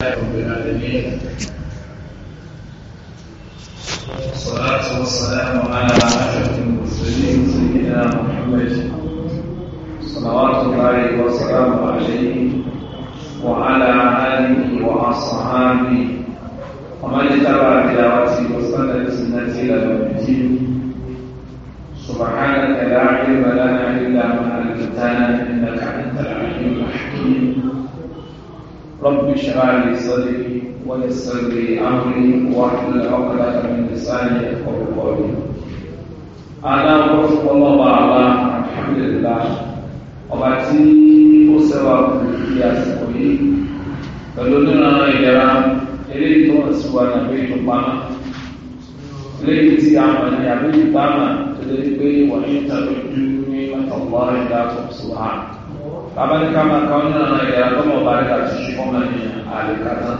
رب العالمين والسلام على أشرف المرسلين سيدنا محمد صلوات الله وسلامه عليه وعلى آله وأصحابه ومن اتبع تلاوته وسنة سنته إلى الدين سبحانك لا علم لنا إلا ما علمتنا إنك أنت العليم الحكيم رب اشرح لي صدري ويسر لي امري واحلل عقدة من لساني يفقهوا قولي انا وفق الله بعلا الحمد لله ọba tí ó sẹ́wà kù kí àsìkò yìí pẹ̀lú onírànà ìyára eléyìí tó wọ́n sì wà ní àbẹ́ ìtòpamọ́ eléyìí tí a mọ̀ ní àbẹ́ ìtòpamọ́ tó lè gbé wọ́n ní ìtàlójú ní ọ̀pọ̀ ìdá tó sùn Bàbáni ká máa kọ́ nínú àwọn ìlera tó mọ̀ bá rẹ̀ láti ṣe fọ́mọ ní àlèkátá.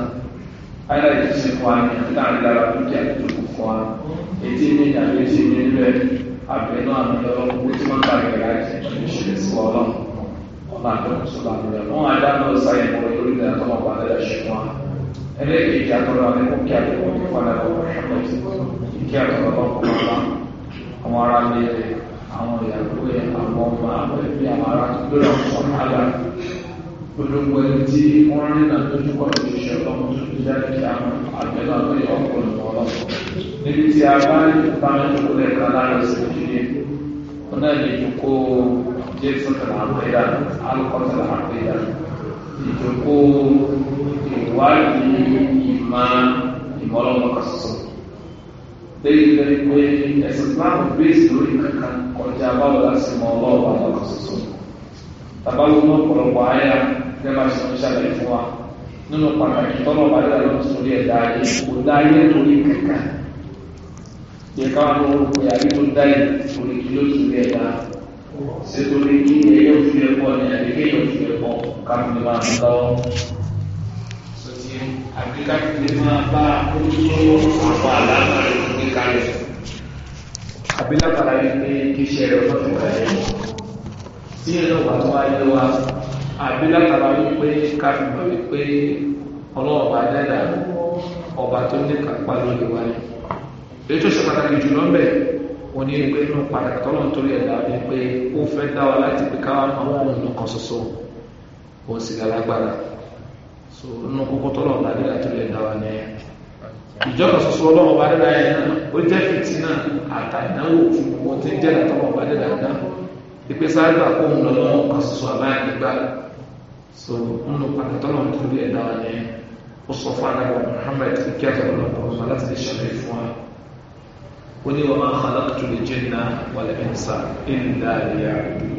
Ayọ̀ yìí ti fún wa ní àtúntà ìdára tó jẹ́ àtúntò fún wa. Etí ní ìdàgbé etí ní ìlú ẹ̀ àbẹ̀nú àmì lọ́wọ́ owó tí wọ́n ń bàrẹ̀ láti ṣe sí ọlọ́run. Ọba àtọ́kùn sọ̀rọ̀ àmì rẹ̀. Wọ́n á dá lọ sáyẹ̀ mọ́ lórí ìlera tó mọ̀ bá rẹ̀ ṣe fún wa. Ẹlẹ́ẹ̀kejì àtọ́rọ̀ àmì kò kí àtọ́kùn kí wọ́n lọ́wọ́ àwọn ará ilé rẹ̀ àwọn ìyàwó ẹ̀ àwọn ọmọ àwọn ẹbí àwọn ará tó gbé àwọn ọmọ àyà olóńgbò ẹni tí wọ́n rí náà tó tún kọ́ni tó ṣe ọmọ tó tún jáde kí àwọn àgbẹ̀ náà lóye ọkùnrin wọn lọ. níbi tí a bá ní ìpamọ́ ìjókòó lẹ́ka lára ẹsẹ̀ ìdílé wọn náà lè léyìn lórí pé ẹ̀sìn Islam bíèsì lórí kankan kọjá báwo la sì mọ ọlọ́ọ̀bà lọ́kàn ṣoṣo bàbá ló mọ ọ̀pọ̀lọpọ̀ àyà gẹ́gẹ́ bá ṣe ń ṣàlàyé fún wa nínú pàtàkì tọ́lọ̀ bá dé àlọ́ sórí ẹ̀dá ayé kò dá ayé lórí kankan yẹ káwọn ọmọ orúkọ yàrá tó dá yìí lórí kí ló sórí ẹ̀dá ṣètò lè kí ẹyẹ òfin ẹ̀kọ́ ni àdéhùn ẹ̀yẹ òfin ẹ̀kọ́ káfíńtì máa ń máa bá olùsọ̀rọ̀ àwọn àlàáfíà kalẹ̀ àbí látara yìí pé iṣẹ́ rẹ̀ ọlọ́dún wà lẹ́yìn tí ẹ̀rọ wà tó wá yé wa àbí látara yìí pé káfíńtà yìí pé ọlọ́ọ̀bà dẹ́dà ọba tó ní kápá lórí wa ni èyí tó ṣe pàtàkì jùlọ ń bẹ̀ wọ́n ní pé inú pàtàkì tọ́lọ́ nítorí ẹ̀dá ni pé ó fẹ́ dá wa láti pé káwọn àwọn ohun nìkan ṣoṣo òun sì lálágbára so inú kókó tọ́lọ̀ ọ̀la nígbà tó lè dá wa ní ẹ̀ ìjọba soso ọlọ́run ọba dẹ́dá yẹn náà ó jẹ́ fìtínà àtàdánwò fún wọn tí ń jẹ́ àtọ́wọ́ ọba dẹ́dá náà ìpè sáré gbà kó lọ́wọ́ kan soso so ń lo pàtàkì ọlọ́run tó rí ẹ̀dá wa yẹn ó sọ fún anáwó Muhammad kí á tọ̀rọ̀ lọ́pọ̀ ọmọ láti lè ṣàlàyé fún wa ó ní wa ma khalaqtu al-jinna wal-insa illa liya'budun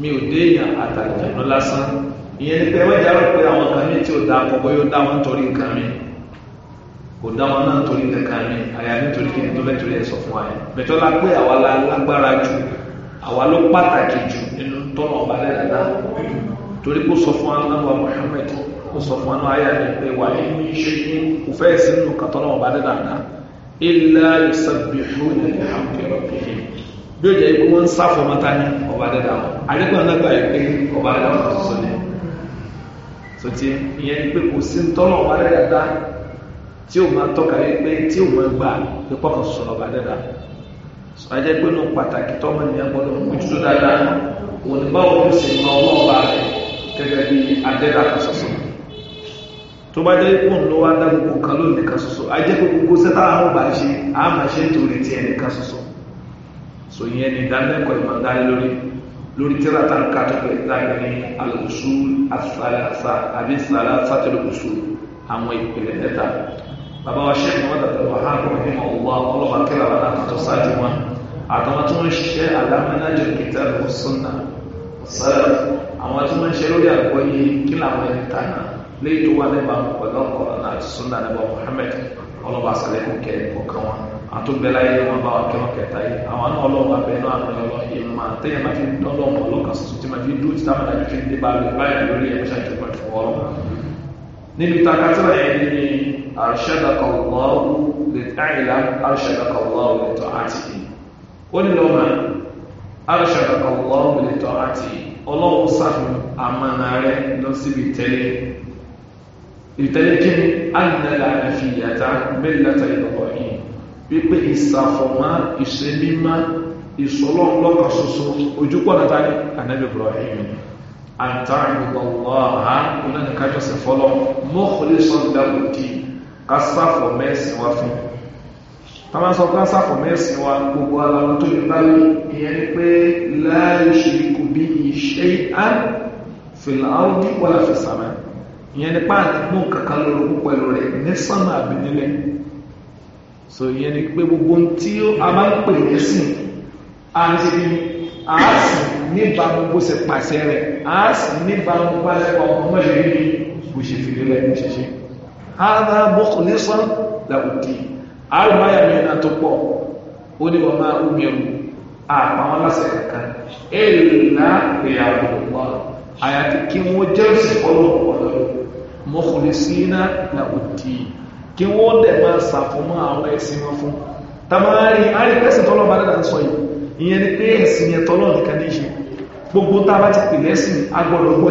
mi ò dé ní pé wọ́n jáwọ́ pé àwọn kan ò dá kò dá wọn náà torí kankan ní àyà nítorí kí ni tó bẹ́ẹ̀ torí ẹ̀ sọ fún wa yẹn bẹ̀tọ́ la pé àwa la lágbára jù àwa ló pàtàkì jù nínú tọ́nà ọba lẹ́dàá torí kó sọ fún anáwó Muhammad kó sọ fún anáwó ayé àti pé wà nínú iṣẹ́ ní kò fẹ́ sínú kàtọ́nà ọba lẹ́dàá ilá ìsàbìhún ilẹ̀ àmúkẹ́rọ̀ bìhìn bí ó jẹ́ pé wọ́n ń sáfọmọ́ta ní ọba dẹ́dà náà gbà ni pé kò sí ń tọ́nà ọba tí o máa tọ́ka yẹ pé tí o máa gbà pé pọ́kàn sọ̀rọ̀ bá dẹ́dà sọ̀rọ̀ pé ní pàtàkì tọ́mọ ènìyàn gbọ́dọ̀ mójútó dáadáa òun ni báwo ló sì mọ ọlọ́run bá rẹ̀ gẹ́gẹ́ bí adẹ́dà kan ṣoṣo tó bá jẹ́ pé òun ló wá dá gbogbo kan lónìí kan ṣoṣo a jẹ́ pé gbogbo sẹ́tà àwọn bá ṣe á máa ṣe nítorí ti ẹnì kan ṣoṣo sọ yẹn ni ìdánilẹ́kọ̀ọ́ ìmọ̀ dá lórí lórí tíra tá n ká tó pé dáadáa ní al-usul àti sàlẹ̀ àti sàlẹ̀ àbí sàlẹ̀ àti bàbá wa ṣe ìmọ̀dà tó wà hàn kọ́mọ̀ ìmọ̀ ọ̀wọ́ ọlọ́mà kíra wọn àtàtọ̀ sáájú wọn àtàwọn tó ń ṣiṣẹ́ alámẹ́nájọ kìtà lọ sọ́nà sẹ́lẹ̀ àwọn tó ń ṣe lórí àgbọ̀yé kí làwọn ẹni wà nípa pẹ̀lú ọkọ̀ọ̀rọ̀ náà sọ́nà nípa Muhammad ọlọ́mà sálẹ̀ kọ̀kẹ́ arṣadaka Allahu lẹ́tàìlá arṣadaka Allahu lẹ́tọ̀ àti ó ní lọ́mà arṣadaka Allahu lẹ́tọ̀ àti ọlọ́wọ́ sàfihàn àmàna rẹ̀ lọ síbi tẹ́lẹ̀ ìtẹ́lẹ̀ kí ni alìnàlà àfihàtà mẹ́lẹ́ta ìlọ́kọ̀ yìí wípé ìsàfọ̀mọ́ ìṣẹ́mímọ́ ìṣọ́lọ́ọ̀lọ́kọ̀ ṣoṣo ojúpọ̀ náà tani ànábì Ibrahim àtàrùn ìgbọ̀nwọ́ ha onáníkájọ́sẹ̀ fọlọ́ mọ́kànlẹ́sọ̀ndàlùdíì ká sáfọ̀ mẹ́sìn wa fún tàbí sọ ká sáfọ̀ mẹ́sìn wa gbogbo aláwọ̀ tó lè bá rí ìyẹn ni pé láàrín ṣìríkù bí iṣẹ́ á fìlàáwọ́dí wà láfẹ̀sàmẹ́ ìyẹn ni páàkì mú kankan lórúkú pẹ̀lú rẹ̀ ní sánmà àbí so ìyẹn ni pé gbogbo tí a máa ń pè ní sìn á ti rí á sì níbà gbogbo ṣe pàṣẹ rẹ̀ á sì níbà gbogbo alẹ́ ọmọ mọ́lẹ̀ rí bó ṣe fi ní ṣiṣẹ́ hádá bọ́kù nísán làwùdí àrùmáyà mẹ́rin tó pọ̀ ó ní wọn máa omi ẹrù àpamọ́ lásẹ̀ ẹ̀ka èèlà ìyàwó wa àyàtí kí wọ́n jẹ́rìsì ọlọ́pọ̀lọ́ mọ́kùnlẹ́sínà làwùdí kí wọ́n dẹ̀ máa sàfọ́mọ́ àwọn ẹ̀sìn wọn fún tamari àríkẹ́sìn tọ́lọ́ bá dáadáa sọ yìí ìyẹn ni pé ẹ̀sìn yẹn nìkan ní ṣe gbogbo tá pè lẹ́sìn agbọ́dọ̀ gbọ́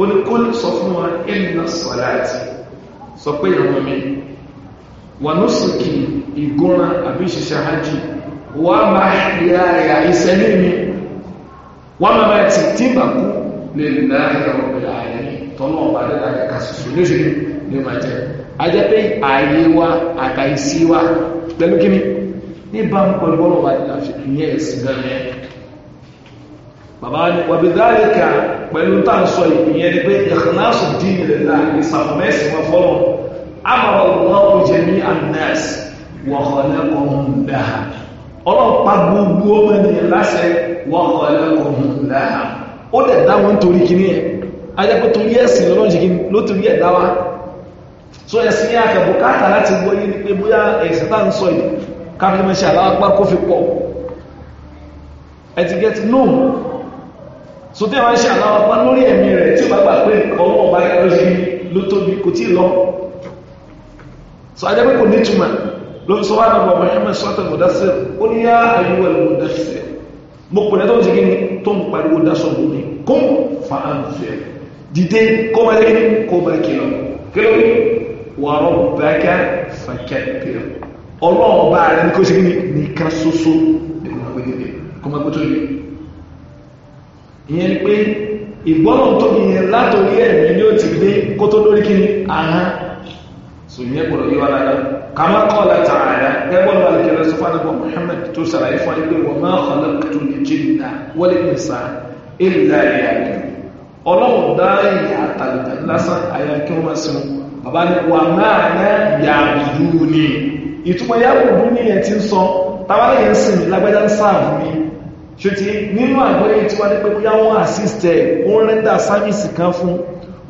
ó ní kó sọ fún wọn ẹ̀nà sọ̀láàtì sọ pé ìrun mi wà ló sì kì ìgúnran àbí ìṣiṣẹ́ hajj wà máa yà yà ìṣẹ́lẹ̀ mi wà máa máa ti tí bà kú lè nà ẹ̀rọ ìlà ayẹyẹ tọ́nà ọba dẹ́dà kẹka ṣoṣo ní oṣù ní ma jẹ ajẹ́ pé ààyè wa àtàìsí wa bàbá ni wàbí dáríkà pẹ̀lú tá à ìyẹn ni pé ìkànnásù dín ìlẹ̀lá ìsàmùmẹ́sì wọn fọlọ́ amara Allahu jami'an nas wa khalaqahum laha ọlọ́run pa gbogbo ọmọ ènìyàn láṣẹ wa khalaqahum laha ó dẹ̀ dá wọn torí kíní ẹ̀ ajẹ́pẹ́ torí ẹ̀sìn lọ́rọ̀ ṣe kíní ló torí ẹ̀ dá wa so ẹ̀sìn yà kẹ̀ bùkátà láti gbọ́ yé ni pé bóyá ẹ̀sìn tá à ń sọ yìí so tí àwọn iṣẹ́ àwọn ọmọ lórí ẹ̀mí rẹ̀ tí ó bá gbà pé ọwọ́ ọba ẹ̀rọ̀ṣì ló tóbi kò tí lọ so ajẹ́ pé kò ní túmọ̀ ló ń sọ wá lọ́wọ́ ọmọ ẹ̀mẹ́ sọ́tọ̀ mọ̀dásẹ̀ ó ní yá àyíwọ̀ mọ̀dásẹ̀ mo pè lẹ́tọ́ sí kíni tó ń pariwo dasọ̀ mú mi kó ń fa àǹfẹ́ dìde kó máa lẹ́yìn kó máa kìlọ̀ kílọ̀ wà rọ̀ bàkà fàkẹ́ pẹ̀lú ọlọ́ọ̀ba rẹ̀ ní kó ṣe kíni nìkan ṣoṣo kó máa gbé ìyẹn pé ìgbọ́nà tó bí yẹn látòrí ẹ̀mí ni ó ti gbé kó tó lórí kí ni àhán so ìyẹn gbọ́dọ̀ yíwá lára kàmá kọ́ láta àyà gẹ́gbọ́n náà lè kẹrẹ sọ́fà nípa Muhammad tó ṣàlàyé fún ẹgbẹ́ wọn máa kọ́ lọ́kùtù ní jìnnà wọlé nìsa ìlà ìyá rẹ̀ ọlọ́run dá ìyá àtàlùkà lásán àyà kí wọ́n máa sin bàbá ni wà máa ná yàgùdù ni ìtumọ̀ yàgùdù ni yẹn ti ń sọ tábàlẹ̀ yẹn sìn lágbẹ́dá ń sáàbù mi ṣe ti nínú àgbẹ̀yìn tí wọ́n ní pé bóyá ó kan fún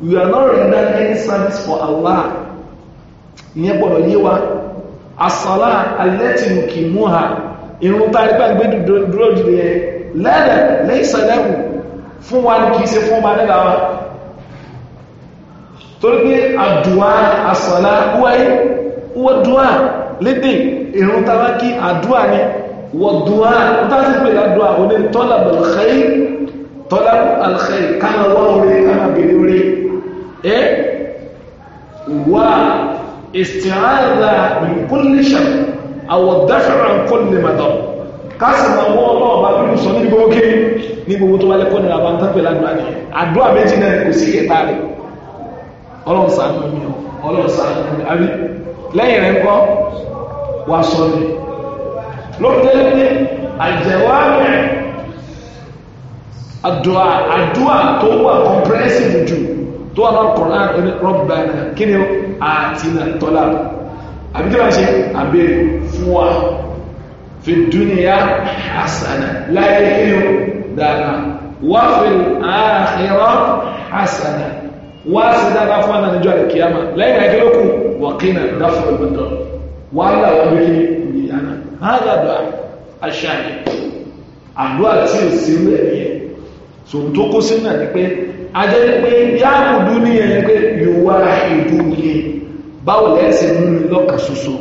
we are not rendering for Allah ìyẹn gbọ́dọ̀ wa asọ́lá alẹ́tìmùkì múhà irun tàbí gbàgbé dúró dìde ẹ̀ lẹ́dẹ̀ fún wa ní kìí ṣe fún ọba nígbà wa torí pé àdùá asọ́lá wáyé wọ́n dùá lédè irun àdùá ni wọ̀dùwà tàbí pé ládùwà oní tọ́lá bẹ̀lẹ̀kẹ́ tọ́lá alẹ́kẹ́ kánà wọ́n orí kánà bèèrè orí ẹ́ wà ìsìnàdà ìkúnlẹ̀ṣẹ̀ àwọ̀dáfẹ́ràn kúnlẹ̀ mẹ́tọ̀ kásìmọ̀ wọ́n ọlọ́ọ̀bá bíbù sọ ní gbogbo kí ní gbogbo tó wálé kọ́nà àbá ń tán pẹ̀lú àdúrà ni àdúrà méjì náà kò sí lóòótọ́ ní àjẹwàmẹ́ àdúà àdúà tó wà comprehensive jù tó wà lọ́rọ̀ kọ̀ọ̀lá Rabbana kí ni àtìnà tọ́lá àbí kí wọ́n ṣe àbẹ̀rẹ̀ fún wa fi dúnìyà hasana láyé kí ni dára wá fi àhìrọ̀ hasana wá sí dára fún àná níjọ́ àdìkíyàmá lẹ́yìn àkẹ́lẹ́kù wà kí ni dáfọ̀ ìbùdó wàhálà wọn هذا دعاء الشامل àdúrà tí ò yẹn so tó kó sínú ẹ̀ pé ajẹ́ ní pé yáàkùdú ní ẹni pé yòówá ìdú yẹn báwo lẹ́sẹ̀ mú mi lọ́kàn ṣoṣo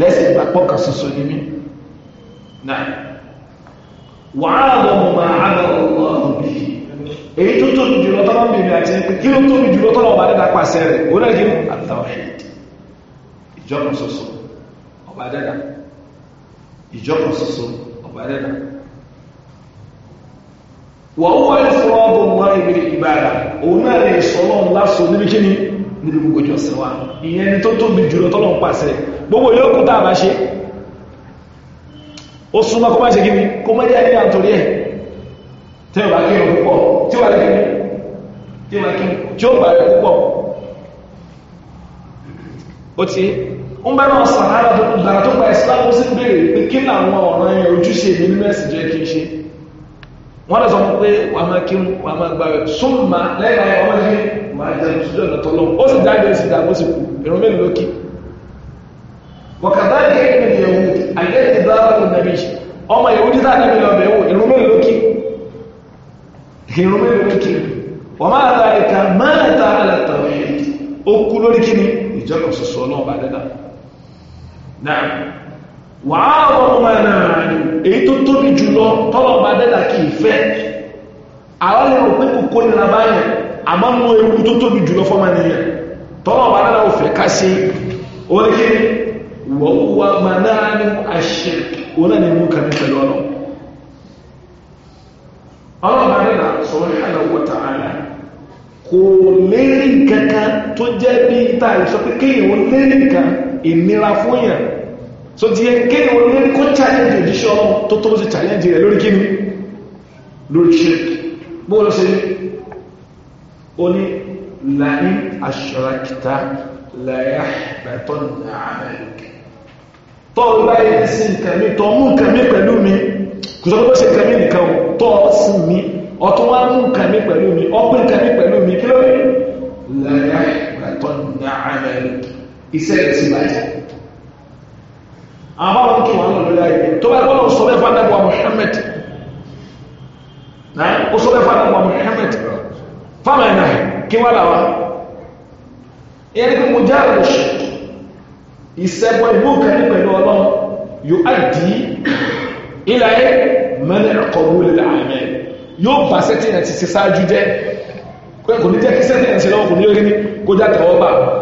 lẹ́sẹ̀ ìgbàpọ̀ kan ṣoṣo ní mí náà wàhálà lọ́mọ èyí tó jùlọ tọ́lọ́ àti kí ló jùlọ tọ́lọ́ ọba dẹ́dà ìjọkùn sísun ọba ẹ̀dá wọ́n wọ́n ń fọ́ ọdún wọn ìbí ìbára òun náà lè sọ ọlọ́run lásán níbi kíni níbi gbogbo ìjọsìn wa ìyẹn ni tó tóbi jùlọ tọ́lọ́run pàṣẹ gbogbo yòókù tá a bá ṣe ó súnmọ́ kó má ṣe kíni kó má jẹ́ ní àtòrí ẹ̀ tẹ́ ò kí ìrùn púpọ̀ tí wà lẹ́kí tí ó bá rẹ̀ púpọ̀ ó ti ń bẹ́ẹ̀ náà sàhárà lára tó gba ìsìláàmù sí béèrè pé kí làwọn ọ̀ràn yẹn ojúṣe mi nínú ẹ̀sìn jẹ́ kí n ṣe wọ́n lọ sọ fún pé wàá máa kí wàá máa gbà rẹ̀ súnmà lẹ́yìn àwọn ọmọ ẹgbẹ́ máa jẹ́ ìṣújú ọ̀nà tọ́lọ́ ó sì dájú ó sì dá ó sì kú ìrún mélòó ló kí. wọ̀kàtà ní ẹ̀yìn ìlú yẹ̀wò àyè ìdá ọ̀rọ̀ nàbí ọmọ ìwú dídá nàbí lọ bẹ̀wò ìrún mélòó ló kí. ìrún mélòó ló kí. wọ́n máa ta ìka máa ta àlàtà ó kú lórí kíni ìjọba ṣoṣo náà bá dẹ́dà náà wà á wọ́n ọmọ ẹ̀nà èyí tó tóbi jùlọ tọ́lọ̀ bá dẹ́dà kì í fẹ́ àwọn lè rò pé kò kó nira báyẹn àmọ́ mú ewu tó tóbi jùlọ fọ́mọ ènìyàn tọ́lọ̀ bá dẹ́dà òfẹ́ ká sí oríkì wọ́n wà máa náà ní àṣẹ òun náà ní mú kàní kò lérí nǹkan kan tó jẹ́ bí táà sọ pé lérí nǹkan ìnira fún yàn so ti yẹ kí wọn lórí kó challenge òjíṣẹ́ ọlọ́run tó tó sí challenge rẹ̀ lórí kíni lórí ṣe bóòlù sí ó ní láyín aṣọ́rakìta láyá bàtọ́ nàámẹ́lùkì tọ́ọ̀ bá yẹ sí nǹkan mi tọ́ mú nǹkan mi pẹ̀lú mi kò sọ pé ṣe nǹkan mi wá mú nǹkan pẹ̀lú mi ọpẹ́ nǹkan pẹ̀lú mi kí ló rí láyá bàtọ́ nàámẹ́lùkì iṣẹ́ rẹ̀ sí bàjẹ́ àwọn àwọn tó wà nínú lórí ayé tó bá gbọ́dọ̀ sọ bẹ́ẹ̀ fún adágbà Muhammad náà ó sọ bẹ́ẹ̀ fún adágbà Muhammad fáwọn ẹ̀nà kí wọ́n kò ní jẹ́ kí sẹ́tìyàn lọ́wọ́ kò ní orí ní kó já tẹ̀wọ́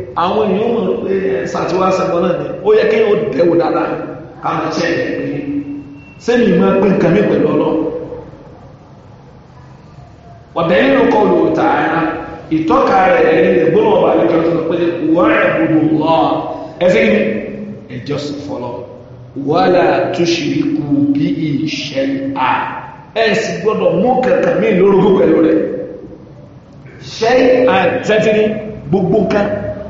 àwọn èèyàn mọ̀ pé ṣàtiwá náà ni ó yẹ kí ó dẹ̀wò dáadáa káàmù ṣẹ́ ẹ̀ pé sẹ́mi ìmọ̀ pé nǹkan mi pẹ̀lú ọlọ́ ọ̀dẹ̀yìn ló kọ́ lò tààrà ìtọ́ka rẹ̀ ẹ̀rí pé wà á gbogbo lọ ẹsẹ̀ ẹjọ́ sì fọlọ́ bí ìṣẹ́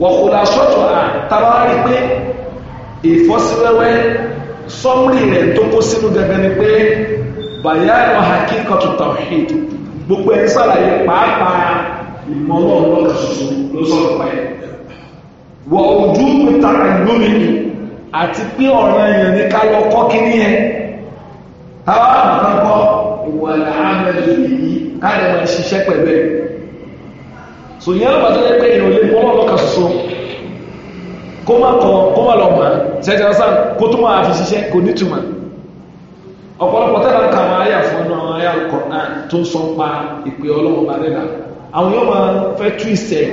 wọ̀kùlà sọ́tọ̀ à tàbá rí pé ìfọ́síwẹ́wẹ́ sọ́mùrì rẹ̀ tó kó sínú gẹ́gẹ́ ni pé bàyá ẹ̀rọ hakíkọ̀tù tawhid gbogbo ẹ̀ ń sàlàyé pàápàá ìmọ̀ ọlọ́run lọ́kà ṣoṣo ló sọ̀rọ̀ pa ẹ̀ wọ ojú ta ìlúmi àti pé ọ̀ràn èèyàn ní ká lọ kọ́ kí nìyẹn táwa àbùkọ́ yìí ká lè ṣiṣẹ́ pẹ̀lú ẹ̀ so ìyẹn tó bàtà lẹ́pẹ́ ìrìn olè kọ́ lọ́kà soso kó má kó má lọ sẹ́jà kó tó máa fi ṣiṣẹ́ kò ní túmọ̀ ọ̀pọ̀lọpọ̀ tẹ́lá ka àwọn ayé àfọ̀nù àwọn ayé tó ń sọ pa ìpè ọlọ́wọ́ bá àwọn yóò máa fẹ́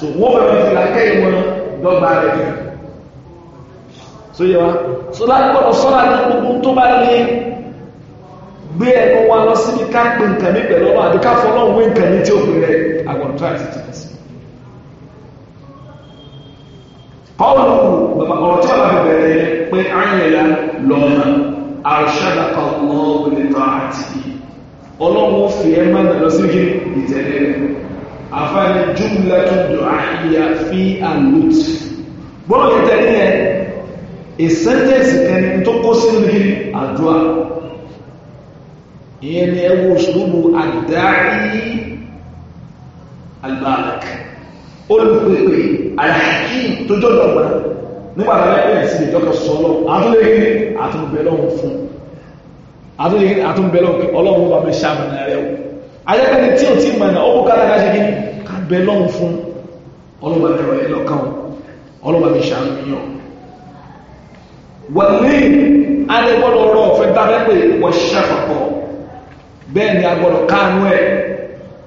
so wọ́n fi dọ́gba rẹ̀ bí so yẹ wa so ní gbogbo tó bá lé gbé ẹnu wa lọ síbi ká pè nǹkan ní pẹ̀lú ọlọ́wọ́ àbí ká I will try such a person. قوله ومقرته الله بيري pé عيلا لونا أرشدك الله لطاعته ọlọ́run fi ẹ máa dàgbà sígi ìtẹ̀lé rẹ̀ àfáàní júmùlá tó dùn àyíyá fi àlùt gbọ́nà ìtẹ̀lé yẹn ìsẹ́ntẹ́sì kẹni tó kó sínú ní àdúrà ìyẹn ni ẹ wo ṣùgbọ́n àdáyé albalak olùpèpè alahakim tó jọjọ gbà nígbà tó bá bẹ̀rẹ̀ sí ìjọkọ̀ sọ́lọ́ àtúnlẹ̀ àtúnbẹ̀lọ́ fún àtúnbẹ̀lọ́ ọlọ́run bá mi ṣàmìnà rẹ̀ o ayẹ́kẹ́ni tí ò tí mọ̀nà ó bùkátà káṣẹ́ kí ká bẹ lọ́hun fún ọlọ́ba mi rọ̀ ẹ́ lọ́kàn ọlọ́ba mi ṣàmìyàn wọ́n ní alẹ́gbọ́dọ̀ ọ̀rọ̀ ọ̀fẹ́ dábẹ́ pé wọ́n ṣàpapọ̀ bẹ́ẹ̀ ni agbọ́dọ̀ káànú ẹ̀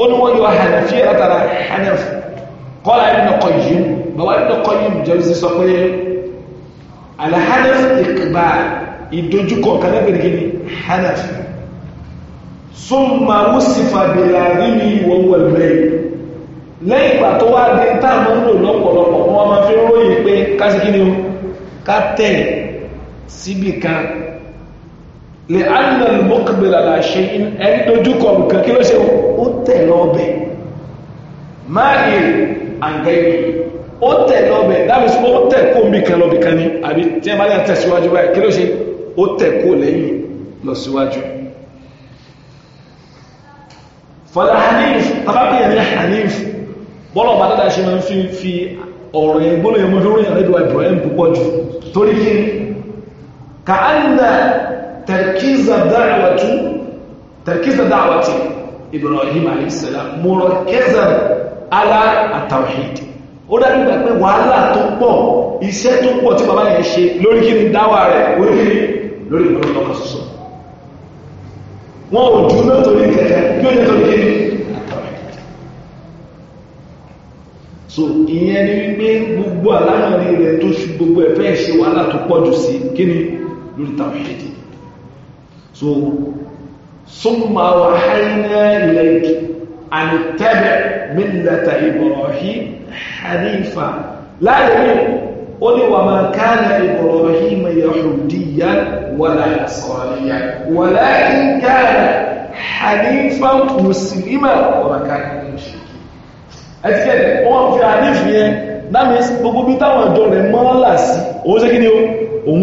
ó ní wọ́n yọ hànàfíà látara hànàf kọ́lá Ibn Qayyim bàbá Ibn Qayyim jẹ́rìsì sọ pé alhànàf ìkìgbà ìdojúkọ kanáfẹ́ ní hànàf súnmà wùsìfà bèèrè nínú ìwọ̀n wẹ̀lẹ̀ lẹ́yìn ìgbà tó wá dé táàmù ń ó ká tẹ̀ síbì lè anna mọ́kànlá la ṣe ẹni dojúkọ nǹkan kí ló ṣe ó tẹ̀ lọ́bẹ̀ máa yẹ àǹgẹ́yìn ó tẹ̀ lọ́bẹ̀ dábì sí ó tẹ̀ kó mi kan lọ́bì kan ní àbí tí ẹ bá lè tẹ̀ síwájú báyìí kí ló ṣe ó tẹ̀ lẹ́yìn lọ síwájú. fọlá تركيز الدعوة تركيز دعوة إبراهيم عليه السلام مركزا على التوحيد ó dájú gbà pé wàhálà tó pọ̀ iṣẹ́ tó pọ̀ tí bàbá yẹn ṣe lórí kí ni dáwà rẹ̀ orí kí ni lórí ìgbọ́n lọ́kọ̀ sọ́sọ́ wọn ò dúró lótorí kẹ̀kẹ́ kí ó yẹ tó kí so ìyẹn ni wípé gbogbo àlànà rẹ̀ tó ṣu gbogbo ẹ̀fẹ́ ìṣe wàhálà tó pọ̀ jù sí kí ni lórí tàwọn so summa wahayna ilayka an tabi' millata ibrahim hanifa láàrin ó ní wa ma kana ibrahim yahudiyan wala nasraniyan walakin kana hanifan musliman wa ma kana mushrikan ẹtikẹ́lẹ̀ wọ́n fi ànífìyẹn that means gbogbo bí táwọn ìjọ rẹ̀ mọ́ lásì òun ṣe kí ni ó òun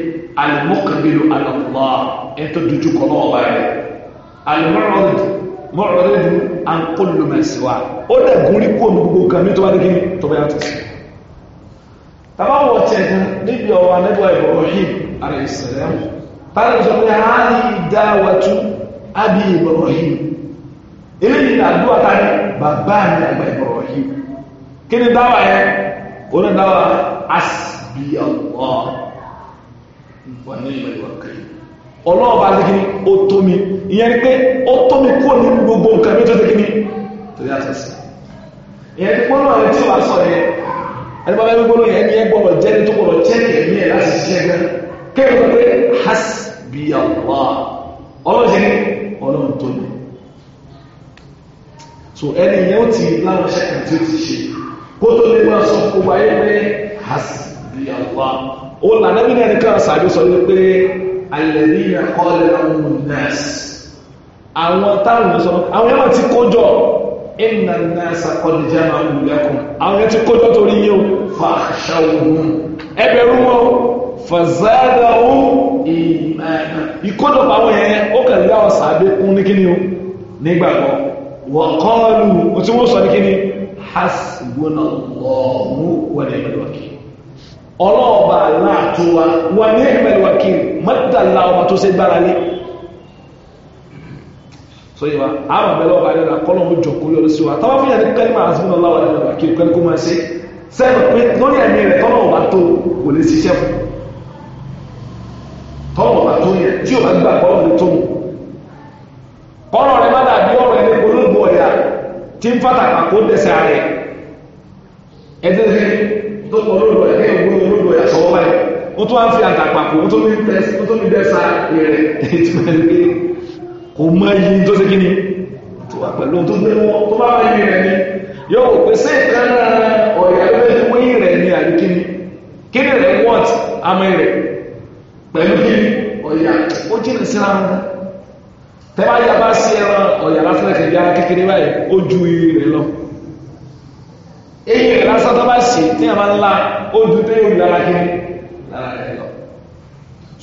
alimokabelu alọlọ ẹtọ dudu kọlọ ọba yẹ alimọrọdi mọrọdi ankolomasiwa ó oh, dẹ gúnrí kó nu gbogbo kan ní tó bá dé kíni tó bá yàtọ̀ sí. tàbá wọ tiẹ̀ kan níbi ọ̀rọ̀ anábọ̀ Ibrahim alayhisalaam tàbí sọ pé ni dáwà ọlọ́ọ̀bá ti kí ni ó tó mi ìyẹn ni pé ó tó mi kúrò ní gbogbo nǹkan mi tó ti kí ni torí àtẹ̀sí ìyẹn ti gbọ́nà rẹ̀ tí ó bá sọ yẹn ẹni bá bẹ́ẹ̀ gbọ́nà yẹn ni ẹ gbọ́nà jẹ́ ní tó gbọ́nà jẹ́ ẹ̀mí ẹ̀ láti ṣiṣẹ́ Allah ọlọ́run ṣe ní ọlọ́run tó mi so ẹni yẹn ó ti láwọn ṣẹ́kàn tí ó ti ṣe kó tó lè Allah ó là nábì náà nìkan ṣàbí sọ wípé àlẹ́lí ẹ̀kọ́lẹ̀ ọ̀hún nẹ́ẹ̀sì àwọn táwọn sọ àwọn yẹn ti kójọ ìnà nẹ́ẹ̀sì akọ́lẹ̀ jẹ́ máa wù lẹ́kùn àwọn yẹn ti kójọ torí yín o fàṣà òun ẹbẹ̀rù wọn fàzádà ó ìmọ̀ ìkójọpọ̀ àwọn yẹn ó kàn dá ọ̀sà àdékún ní kíni o nígbàgbọ́ wọ́n kọ́ ọ́ lù ó tí ọlọ́ọ̀bà láàtó wa wà ní ẹ̀mẹ̀lẹ̀ wákìl mọ́tàlá ọba tó ṣe gbára lé so yìí wa àwọn ọ̀bẹ̀lẹ̀ ọba rẹ̀ kọ́lọ̀ mú jọ kúrò sí wa táwọn fìyà ní kẹ́lí máa sínú ọláwà lẹ́nu wákìl kẹ́lí kó máa ṣe sẹ́nu pé lórí ẹ̀mí tẹ̀ sọ́wọ́ ẹ̀ ó tó wá ń fi àtàpàpọ̀ ó tó ní dẹ́sà rẹ̀ ìtumẹ̀ ní kò mọ iyì tó ṣe kíni tó wà pẹ̀lú tó gbé wọn tó bá fẹ́ yìí rẹ̀ ni yóò wò pé ọ̀yà ló fẹ́ wọ́n yìí rẹ̀ ni àbí kíni kíni rẹ̀ wọ́t àmì rẹ̀ pẹ̀lú kíni ọ̀yà ó jìnà síra wọn tẹ́wáyà bá sí ẹran ọ̀yà lásìlẹ̀ kẹjá kékeré báyìí ó ju iyì lọ eyín rẹ̀ lásán tó bá ṣe tí a máa ń la ó ju tẹ́lẹ̀ òun lára kí lára rẹ̀ lọ.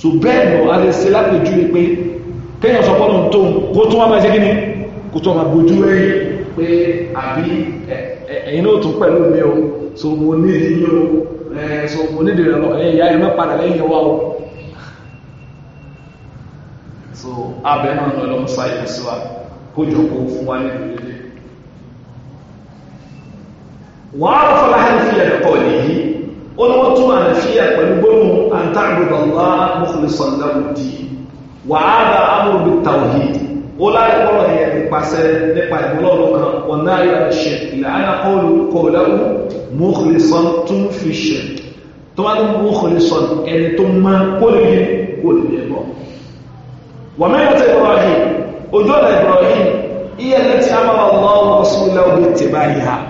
so bẹ́ẹ̀ lọ a lè ṣe lápèjú ni pé kéèyàn sọ pọ́nù tó ń kó tó wọn máa ṣe kí ni kó tó wọn máa bójú ẹ̀yìn pé àbí ẹ̀yin náà tún pẹ̀lú mi o so mo ní ìyí o so mo ní ìdèrè lọ ẹ̀yìn ìyá rẹ̀ mẹ́ padà lẹ́yìn wa o. so abẹ́ náà lọ́mọ sáyẹ̀ sí wa kó jọ kó fún wa nílùú وعرف الحنفية بقوله أنوت حنفية فنبنوا أن تعبد الله مخلصا له الدين وهذا أمر بالتوحيد ولا يقول هي نقاسة نقا يقول لك والنهي الشرك لأن قول قوله مخلصا في الشرك طبعا مخلصا يعني ثم قل به قل به وملة إبراهيم أجول إبراهيم هي التي أمر الله رسوله باتباعها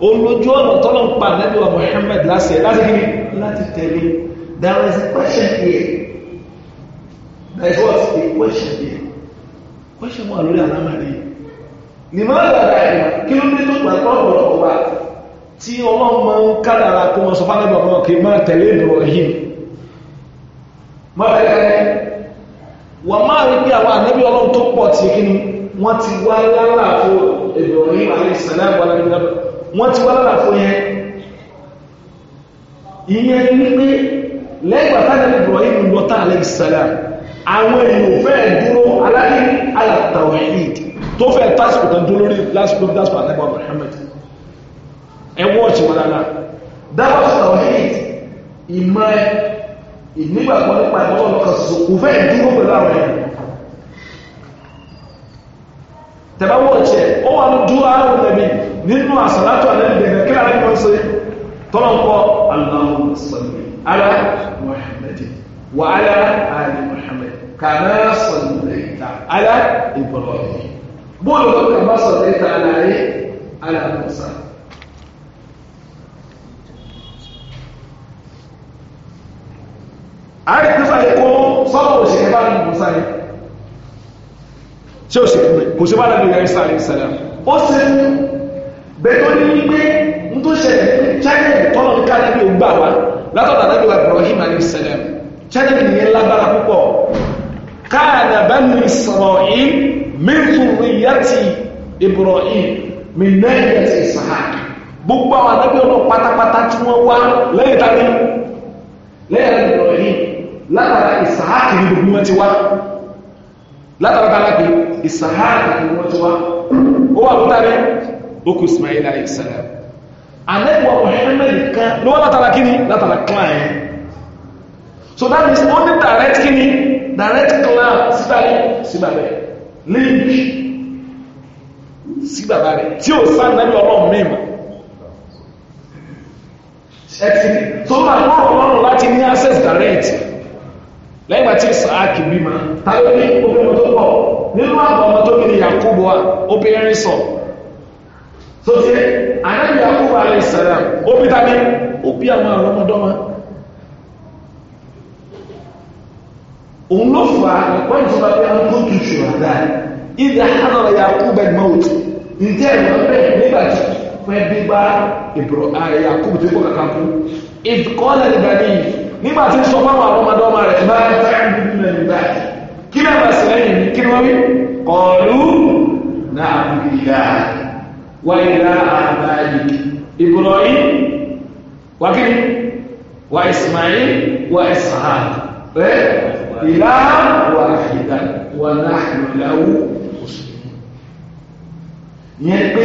olójú ọ̀nà tọ́lọ̀ ń pa nẹ́bí wa Muhammad láti láti kí ni láti tẹ̀lé there is a question here there was a question here question wà lórí àlámàrí ni máa dàda ẹ̀yà kí ló dé tó gbà tó ọ̀rọ̀ ọ̀wà tí ọlọ́run máa ń kádàrà kó wọn sọ fún àgbà wọn kì í máa tẹ̀lé ìlú ọ̀hìn máa tẹ̀lé wọ́n máa rí pé àwọn ànábì ọlọ́run tó pọ̀ tí kí ni wọ́n ti wá lálàfo ìlú ọ̀hìn wọ́n ti wá lálàfo yẹn ìyẹn ní pé lẹ́gbàá tájàlì Ibrahim lọ́tà alẹ́gbẹ̀sálà àwọn èèyàn fẹ́ dúró aláyé alàtàwẹ̀ẹ́d tó fẹ́ tásìkò kan dúró lórí lásìkò tásìkò àtàgbà Muhammad ẹwọ́ ọ̀tí wọn dáadáa dáwọ́ tàwẹ̀ẹ́d ìmọ̀ ìnígbàgbọ́ nípa ìgbọ́lọ́kan sọ kò fẹ́ dúró pẹ̀lú àwọn èèyàn tẹ̀bá wọ̀ kyẹ̀ ó wà ní du àwọn nàbí nínú àsàlátù àlẹ́bí bẹ̀rẹ̀ kílà ní wọ́n sọ́yìn tọ́lọ̀ ń kọ́ aláwọ̀ sọ́yìn ala muhammadu wa ala ali muhammad kàná sọ̀lẹ́ta ala ibrahim bóòlù lọ́kọ̀ ẹ̀ bá sọ̀lẹ́ta sáyé kó sọ́wọ́ òṣèré bá ní musa yìí tí ó sì pè kò sí wàhálà lórí ẹ̀sán àlẹ́sàlá ó sì bẹ́ẹ̀ tó ní wípé ń tó ṣẹlẹ̀ china tọ́nà ní káàdì ní ògbà wa látọ̀dà náà lórí Ibrahim àlẹ́sàlá china nìyẹn lágbára púpọ̀ káàdà banu Isra'il min zurriyati Ibrahim min dhurriyyati Ishaq gbogbo àwọn adágbé ọlọ́ pátápátá tí wọ́n wá lẹ́yìn tàbí lẹ́yìn Ibrahim látara Ishaq ní gbogbo wọn ti wá látara kálákì isahari ni wọ́n ti wá ó wà fúnra rẹ̀ ó kú ismail alayhi salam anẹ́wọ̀ muhammed kan ló wá látara kíni látara clan so that is only direct kíni direct clan síta ní síta bẹ́ẹ̀ link sí bàbá rẹ̀ tí ò sá nàbí ọlọ́run mímọ̀ ẹ̀tì tó máa lọ́rọ̀ lọ́rọ̀ láti ní access direct lẹ́yìn ìgbà tí Ísáákì ma tàbí ní tó pọ̀ nínú tó kiri Yakubu a obìnrin sọ Yakubu obi obi òun ló fà á wọ́n ti kó tutù àdá ìdá hànàlá Yakubu ìdí nígbà tí bí tó kọ́ kú níyì. nígbà tí ń sọ fáwọn àrọ́mọdé ọmọ rẹ̀ máa ń tẹ́ kí náà bá sì lẹ́yìn ní kí wọ́n wí kọ̀ọ̀lú náà ìlà àbáyé Ibrahim wákìlì wá Ismail wá Ishaq rẹ̀ ìlà wà ìdá wà náà ìlàwó yẹn pé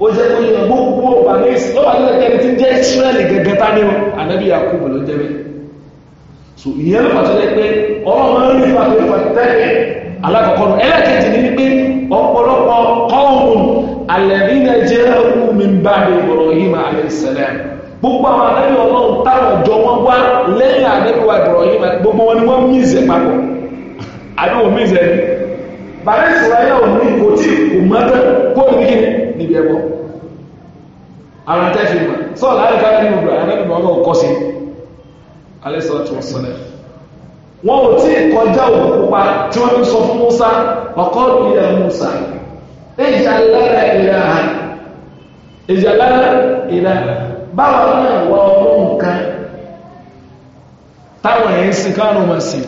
ó jẹ́ pé gbogbo ọba ní ìsìn lọ́wọ́ àti ẹni tí ń jẹ́ Israẹli gẹ́gẹ́ tá ní wọn ànábìyà kúbọ̀ ló jẹ́ bẹ́ẹ̀. so ìyẹn ló pàtó lẹ pé ọlọ́run ló ní pàtó ìpàtẹ́kẹ̀ alákọ̀ọ́kọ́ nù ẹlẹ́kẹ̀tì ní wípé ọ̀pọ̀lọpọ̀ kọ́ọ̀mùn alladhina ja'u min ba'di Ibrahim alayhis salam gbogbo àwọn anábì ọlọ́run táwọn wọn wá lẹ́yìn anábì wa gbogbo wọn ni wọ́n ìzẹ̀ papọ̀ àbí ìzẹ̀ ni bàbá ní kò kó ní kí ẹ̀kọ́ àwọn sọ́ọ̀lá alẹ́sọ̀tún ọ̀sọ̀lẹ̀ wọn ò tí ì kọjá òkú pupa tí wọ́n fi sọ fún Musa ọkọ ìlẹ̀ Musa ẹ̀jẹ̀ alára ìlà ẹ̀jẹ̀ alára ìlà báwa náà wọ ọdún nǹkan táwọn ẹ̀yìn sí káàrùn wọn sí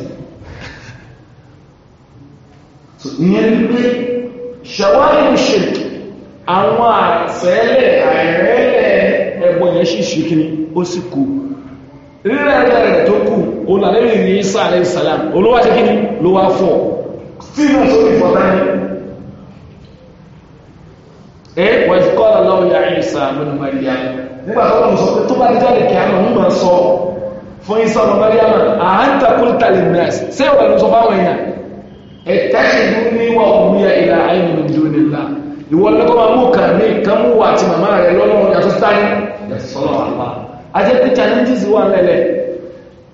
ìyẹn ní ṣàwárí ìṣèkì àwọn àfẹ́lẹ̀ àìrẹ́lẹ̀ ẹ̀bọ̀n yẹn sì ṣìkiri ó sì kú rírẹ̀rẹ̀ rẹ̀ tó kù olùdarí ní isa alayhi salam olówá ṣe kí ni ló wá fọ́ stephen tó ní fọ́tá ní ẹ wọ́n ti kọ́ ọ̀lọ́wọ́ ya isa lónìí mariam nígbà tó lọ́nà sọ pé tó ní wà mú wà àti màmá rẹ̀ lọ́lọ́run yàtọ̀ sáyẹn yàtọ̀ sọ́lọ́ àpá ajẹ́ pé challenges wà lẹ́lẹ̀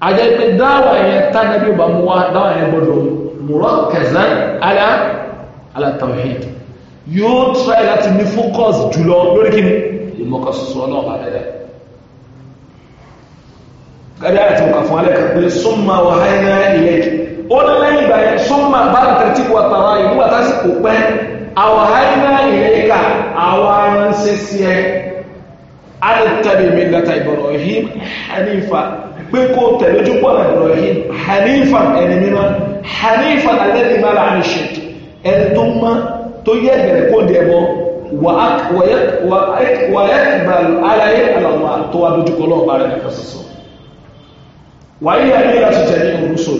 ajẹ́ dáwà yẹn tánàbí ọba mú wá dáwà yẹn gbọdọ̀ múrọ̀ kẹsàn alá alátawhid yóò try láti ní focus jùlọ lórí kí ni ìmọ̀kọ̀ náà bá lẹ́lẹ̀ gẹ́gẹ́ àti ọkà fún alẹ́ kan pé súnmà wà ilẹ̀ alitabi milata ibrahim hanifa pé kó tẹ̀lé ojú pọ̀nà ibrahim hanifa ẹni mímọ́ hanifa alẹ́ni mara àníṣe ẹni tó mọ́ tó yẹ ẹ̀bẹ̀rẹ̀ kó dẹ̀ mọ́ wàyẹ̀kìbàlù aláyé àlàmà tó wà lójú kọlọ́ ọba rẹ̀ nìkan sọ̀sọ̀ wàyí ayé láti tẹ̀lé ìrúsọ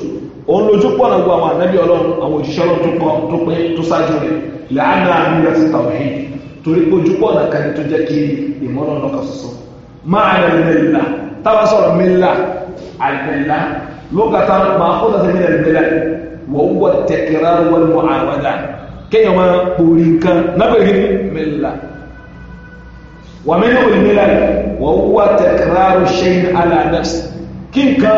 torí ojú pọ̀ náà kan tó jẹ́ kí ìmọ̀nà ọ̀nà kan soso máa yẹ mẹ́lá táwa sọ̀rọ̀ mẹ́lá àìmẹ́lá lókàtà máa kó tàbí mẹ́lá mẹ́lá wọ́n wọ́n tẹ̀kẹ̀rẹ́ wọn mọ́ àwàdà kéèyàn máa pòrí nǹkan lábẹ́rẹ́ ní mẹ́lá wọ́n mẹ́lá wọ́n mẹ́lá wọ́n wọ́n tẹ̀kẹ̀rẹ́ ṣẹ́yìn aládàsí kí nǹkan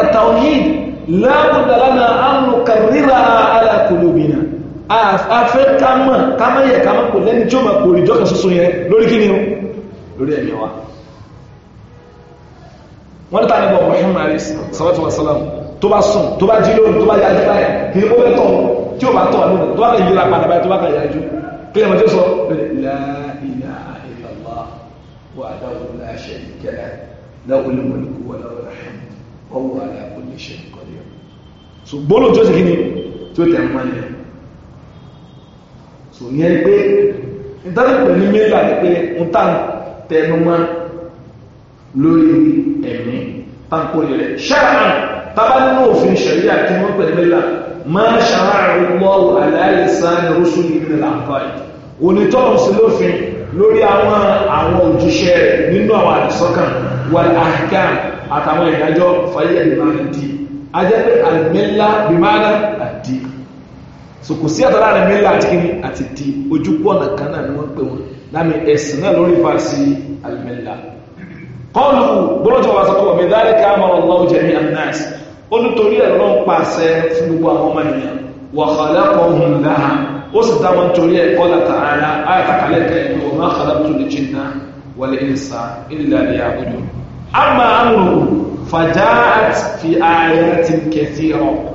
àtàwọn yìí láàbùdàlánà àrùn kàrírà alákòlóbìnà afẹ́ kámọ̀ kámọ̀ yẹ kámọ̀ kò lẹ́ni tí ó mọ̀ kò ìjọ́ kan ṣoṣo yẹn lórí kí ni o lórí ẹ̀mí wa wọ́n ní tàbí bọ̀bọ̀ ṣùgbọ́n àrí sọ́wọ́tí wa sọ́lá tó bá sùn tó bá jí lóru tó bá yá jí báyà kì í bóbẹ́ tọ̀ tí ó bá tọ̀ ní tó bá yíra padà báyà tó bá kàyà jù kí ni mo ti sọ la ilaha illallah wahdahu la sharika lah lahul mulku wa lahul hamd wa huwa ala kulli shay'in qadir so gbólóhùn tó ti kí ni tó tẹ̀ mọ́ yẹn sò ní ẹ pé ìtọ́lẹ̀pẹ̀ ní mẹ́ta ni pé ń tà ń tẹnu mọ́ lórí ẹ̀mí táǹkó rẹ̀ ṣáà tábà nínú òfin ṣẹ̀ríà kí wọ́n pẹ̀lú mẹ́ta máa ṣàárẹ̀ lọ́wọ́ aláìsàn ní oṣù yìí nílẹ̀ àǹfààní onítọ́hún sí lórí àwọn àwọn òjíṣẹ́ nínú àwọn àdìsọ́kàn wà áhíká àtàwọn ìdájọ́ fàyẹ̀ ìmáàdì a jẹ́ pé àmìlá bìmáàdà so kò sí àtàrà rẹ̀ mílíọ̀nù àti kíni àti di ojú pọ̀ nìkan náà ni wọ́n pè wọ́n láàmì ẹ̀sìn náà lórí fàásì àlùmẹ́lá kọ́ọ̀lù gbọ́dọ̀ wà sọ́kọ̀ mi dárí ká mọ̀ ọlọ́wọ́ jẹ̀mí anáàsì ó ní torí ẹ̀rọ ń pàṣẹ fún gbogbo àwọn ọmọ ènìyàn wà kàlákọ̀ ọ̀hún láha ó sì dá wọn torí ẹ̀kọ́ látàrà àyàtàkálẹ̀ kẹ́yìn ọmọ kàlákùtù lè jìnnà wọlé ẹ̀sà ìlà ní àbújọ. àmà àmùrù fàjáàtì fi àyàtì kẹsì ọ̀pọ̀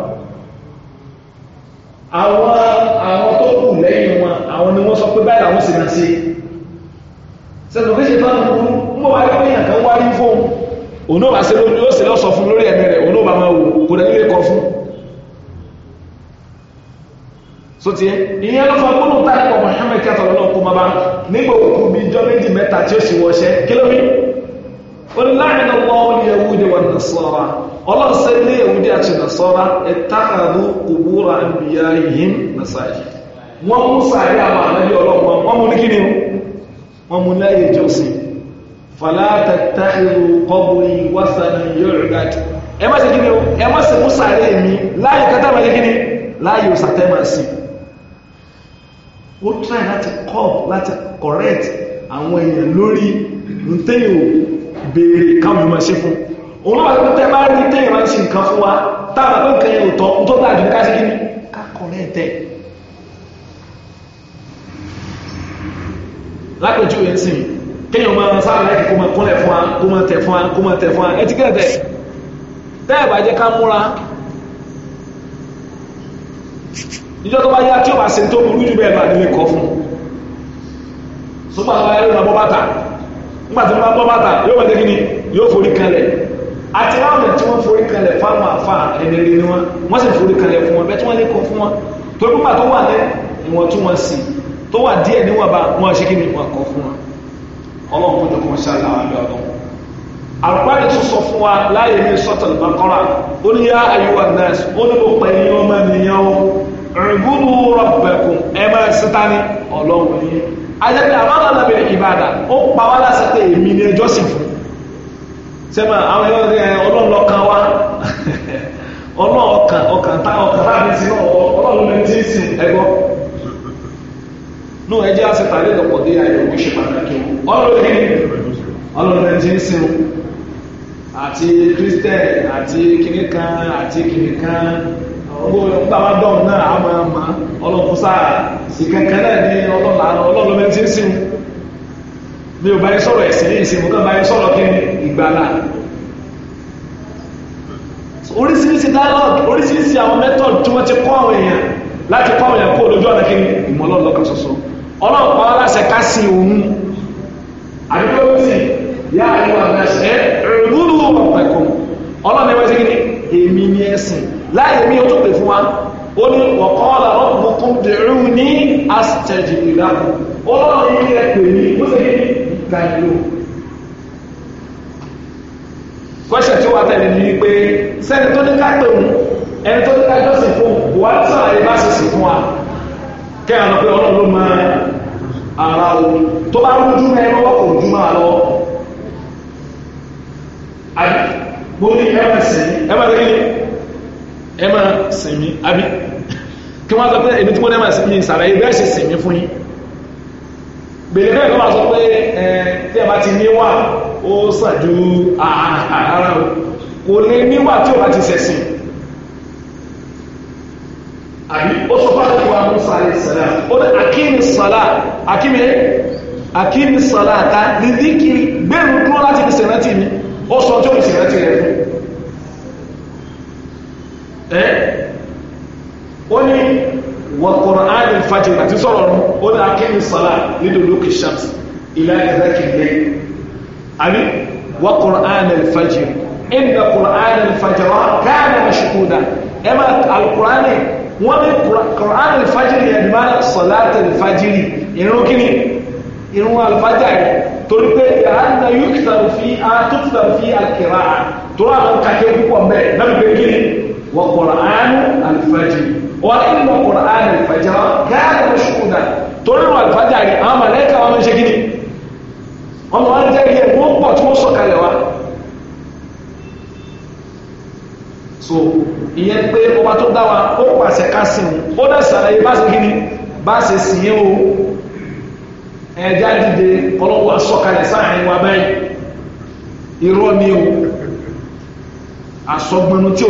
àwọn àwọn tó kù lẹ́yìn wọn àwọn ni wọ́n sọ pé báyìí àwọn sì máa ṣe sẹ́nu kí ṣe bá ń burú ń bọ̀ wáyé pé èèyàn kan wáyé fóun òun náà wá sí lórí ó sì lọ́sọ̀ fún lórí ẹ̀mí rẹ̀ òun náà bá máa wò kò dẹ̀ nílé kọ fún so ti ìyẹn lọ́fọ́ gbọ́nù táìpọ̀ Muhammad kẹtọ̀lọ́ náà kó máa bá nígbà òkú bíi jọ méjì mẹ́ta tí ó sì wọṣẹ́ kí ló rí ó ní láàrin náà wọ́n ó sọ́ra ọlọ́run sẹ́ ilé yahudi àti nasọ́ra sọra kùbúra ẹ̀bìyà yìí masáàjì wọ́n mú sàárì àwọn ànábì ọlọ́run wọ́n mú ní kíni wọ́n mú láyé jọ́sìn falatatahiru kọ́bùrì wásánì yorùbát ẹ má ṣe kíni o ẹ má ṣe mú sàárì láyé kátà láyé sí ó láti láti àwọn èèyàn lórí ò káwọn ọmọ ṣe òun náà wípé tẹ́ bá rí tẹ́ ìwà ìsìn nǹkan fún wa táwọn àgbẹ̀ nǹkan yẹn tó bá àdúgbò káṣí kí ni kákọ̀ rẹ̀ tẹ̀. lápẹjú ẹ̀ ń sìn kéèyàn máa sáré láìkí kó máa kúnlẹ̀ fún wa kó máa tẹ̀ fún wa kó máa tẹ̀ fún wa ẹ ti kẹ́tẹ̀ tẹ́ ẹ̀ bá jẹ́ ká múra ìjọ tó bá yá tí ó bá ṣe tó burú jù bẹ́ẹ̀ bá nílé kọ́ fún sọ́gbà àwọn ẹ̀rọ bàtà nígbà tí wọ́n bá bọ́ bàtà yóò wọ́n àti ráwọn tí wọ́n forí kalẹ̀ fáwọn àfa ẹni rí ni wọ́n wọ́n sì forí kalẹ̀ fún wọn bẹ́ẹ̀ tí wọ́n lè kọ́ fún wọn torí pípa tó wà ní ìwọ̀n tún wọn sí tó wà díẹ̀ níwọ̀n bá wọn ṣe kí ni wọn kọ́ fún wọn ọlọ́run kó jọkọ̀ ṣáàlà àbẹ̀ ọlọ́run àpárí tó sọ fún wa láyé ní sọ́tàlì bàkọ́rà ó ní yá àyíwá nọ́ọ̀sì ó ní gbogbo ẹ̀yin ọmọ ènìyàn ó rìngúdù rọ̀bẹ̀kùn ẹ máa ń síta ní ọlọ́run yìí ajẹ́pẹ́ àbálàbẹ̀ ìbàdàn ó pa wá láṣẹ pé ẹjọ́ sì fún sẹ́mà àwọn ẹ̀rọ ẹ̀ ọlọ́run lọ́kàn wá ọlọ́run ọkàn ọkàn tá ọkàn láàrin sí ọlọ́run lẹ́ni tí ń sìn ẹ̀gbọ́n nù ẹjẹ́ àṣetàlẹ́ ìdọ̀pọ̀ dé ayọ̀ wíṣẹ pàtàkì ọlọ́run ní ọlọ́run lẹ́ni tí ń sìn àti kristẹ àti kìnìkan àti kìnìkan gbogbo àwọn dọ́ọ̀ náà á máa ma ọlọ́run sì kankan náà ní ọlọ́run lẹ́ni tí ń sìn mi ò bá yín sọ̀rọ̀ ẹ̀sìn ní ìsìn mo kàn bá yín sọ̀rọ̀ kí ìgbàlà oríṣiríṣi dialogue oríṣiríṣi àwọn method tí wọ́n ti kọ́ àwọn èèyàn láti kọ́ àwọn èèyàn kó lójú ọ̀nà kí ìmọ̀lọ́run lọ́kàn ṣoṣo ọlọ́run pa aláṣẹ ká sí òun àdúgbò sí yá àwọn àgbàṣẹ ìrúlù ọ̀pẹ̀kùn ọlọ́run ẹgbẹ́ sí kí ni èmi ní ẹ̀sìn láì èmi ó tó pè fún wa ó ní ọ̀kọ́ ọ̀làrọ̀ mọ̀kún dáyé lò kọ́ṣẹ̀ tí ó wà tẹ̀lé ní pé sẹ́ni tó ní ká pè mú ẹni tó ní ká jọ́sìn fún wà á sàn àyè bá sì sì fún wa kẹ́ àwọn pé ọlọ́run ló máa ara òun tó bá rújú mẹ́rin lọ́wọ́ kò rújú máa lọ mo ní ẹ máa sìn mí ẹ máa sìn mí ẹ máa sìn mí àbí kí wọ́n sọ pé èmi tí mo ní ẹ máa sìn mí ìsàlàyé bẹ́ẹ̀ ṣe sìn mí fún yín bèrè bẹ́ẹ̀ ló máa sọ pé ẹ tí a bá ti níwà ó sàn ju ara o kò ní níwà tí ò bá ti sẹ̀sìn àbí ó sọ fún àtàkùn àwọn sàlẹ̀ sàlẹ̀ ó ní akíni sàlá akíni akíni sàlá ta nídí kiri gbẹ̀rù dúró láti fi sẹ̀rántì mi ó sọ tí ó fi sẹ̀rántì rẹ̀ ó ní wa qur'an al-fajr àti sọ̀rọ̀ ọ̀run ó ní akéwì sọ́lá nídòdó kì shams ilá ẹ̀dá kì í lẹ́yìn àbí wa qur'an al-fajr inna qur'an al-fajr kana mashhuda ẹ máa al-qur'an wọ́n ní qur'an al-fajr yẹn máa sọ̀lá al-fajr ìrún kíni ìrún al-fajr torí pé àánà yóò fi àtúntà fi al-qira'a tó rà lọ́n kàkẹ́ púpọ̀ mẹ́ náà gbé kíni wa qur'an al-fajr wà nínú Qur'an al-fajr gáàrí mọ̀ṣúnà torí wọn àlùfájà ama àwọn mọ̀lẹ́kà wọn gidi wọn máa ń jẹ́ tí wọ́n so ìyẹn pé ọba tó dá wa ó o ẹ̀já dìde ọlọ́wọ́ sọ̀kalẹ̀ sáàrin wa báyìí o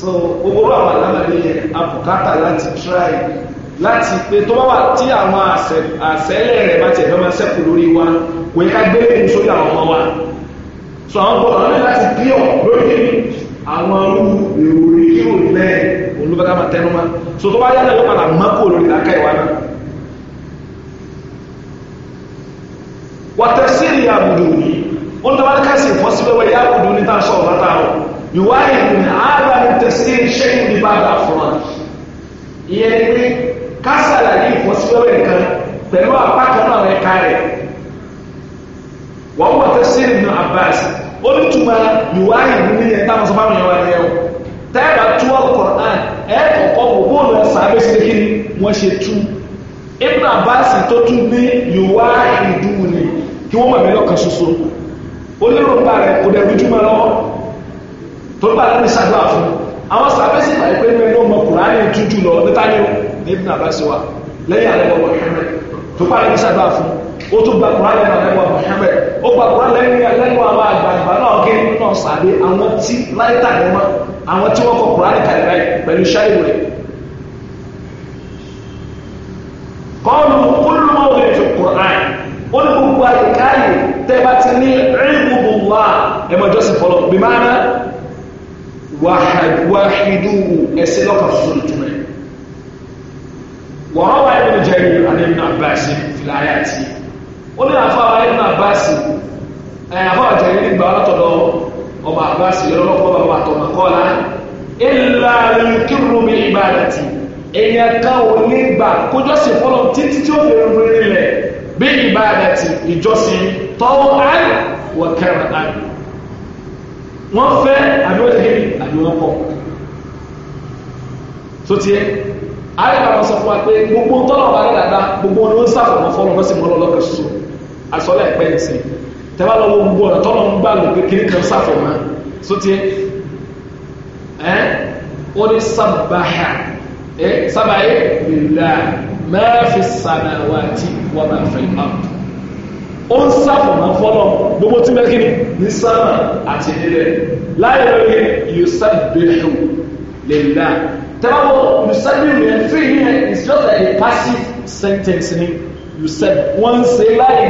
so gbogbo àwọn alámọ̀lẹ́ yẹn àbùkátà láti try láti pé tó bá wà tí àwọn àṣẹlẹ̀ rẹ̀ bá ti ẹ̀fẹ́ máa ṣẹ́kù lórí wa kò yẹ ká gbé lẹ́kùn sórí àwọn ọmọ wa so àwọn gbọ́dọ̀ náà láti bí ọ̀ lórí àwọn èrò yíò lẹ́ẹ̀ olùbẹ́ká máa tẹnu ma so tó bá yá lẹ́yìn padà mọ́kò lórí láká ìwà náà wàtẹ́sí ìyá àbùdù ní ó ń tọ́ bá ká sí ìfọ́síwẹ́wẹ́ ìyá àbùdù ní tá a sọ̀rọ̀ látàrọ̀ يوارد من عدم تسيير شيء ببعض الافراد يعني ihe لي فسيوبر كان pẹ̀lú apá kan náà rẹ̀ kárẹ̀ wọ́n wọ́n tafsir Ibn Abbas ó ní túmọ̀ ìwáyé ìlú ní ẹ̀ táwọn sọ́mọ́ àwọn ìwáyé ẹ̀ tẹ́ẹ̀bà tú Al-Qur'an ẹ̀ kọ̀kọ́ wò bóòlù ẹ̀ sàbẹ̀ sí kí wọ́n ṣe tú Ibn Abbas tó tú ní ìwáyé ìdúwù ni kí wọ́n mọ̀ mí lọ́kàn ṣoṣo oníròǹgbà rẹ̀ tó gbà láti ṣàdúrà fún àwọn sàbẹ́sì ìgbà ìpé ní ẹni ọmọ kùránì tújù lọ níta ní ibùdó àbáṣe wa lẹ́yìn àlẹ́wọ̀ Muhammad tó gbà Muhammad ó gba kùránì lẹ́yìn àwọn àgbààgbà náà gé náà sàdé àwọn tí láìta ní wọn àwọn tí wọ́n kọ kùránì kàlẹ́ báyìí pẹ̀lú ṣáìwò rẹ̀ kọ́ọ̀lù kúlù mọ́ òun ètò kùránì ó ní gbogbo àyíká yìí tẹ́ ti ní rí gbogbo wa ẹ̀mọ́jọ́sìn fọlọ́ bí máa náà wahiduhu ɛsɛ lɔka soso no tuma wɔhawa ibn jarir ane ibn abbas fil ayati wɔn na afa wa ibn abbas ɛn afa wa jarir gba ɔtɔ dɔ ɔba abbas yɛrɛ lɔkɔ ɔba wa tɔmɔ kɔla illa yukiru bi ibadati ɛnyɛ ka o ní gba kójɔsi fɔlɔ títí tí o fèrè wéré lɛ bi ibadati ìjọsìn tɔwɔ an wɔ kɛrɛ an wọn fɛ àbí wọn lọ́pọ̀ tó tiẹ̀ àyẹ̀kà wọn sọ fún wa pé gbogbo tọ́lọ̀ bá dàda gbogbo wọn ni wọ́n sàfọ̀mọ́ fọ́lọ́ wọ́n sì mọ́ lọ lọ́kàn ṣoṣo àsọlẹ̀ ẹ̀pẹ́ ẹ̀ sí tẹ́wà lọ́wọ́ gbogbo ọ̀nà tọ́lọ̀ ń gbà lò pé kiri kan sàfọ̀mọ́ tó tiẹ̀ ẹ́ ó ní sábàá ẹ́ sábàá yẹ wọ́n máa fẹ́ ìpamọ́ ó ń sàfọ̀mọ́ fọ́nà gbogbo tí mẹ́kí ni ní sáàmà àti nílẹ̀ láyé lóye yusabbihu lillah tẹ́lábọ̀ yusabbihu yẹn fi yẹn is just a passive sentence ni yusab wọ́n ń ṣe láyé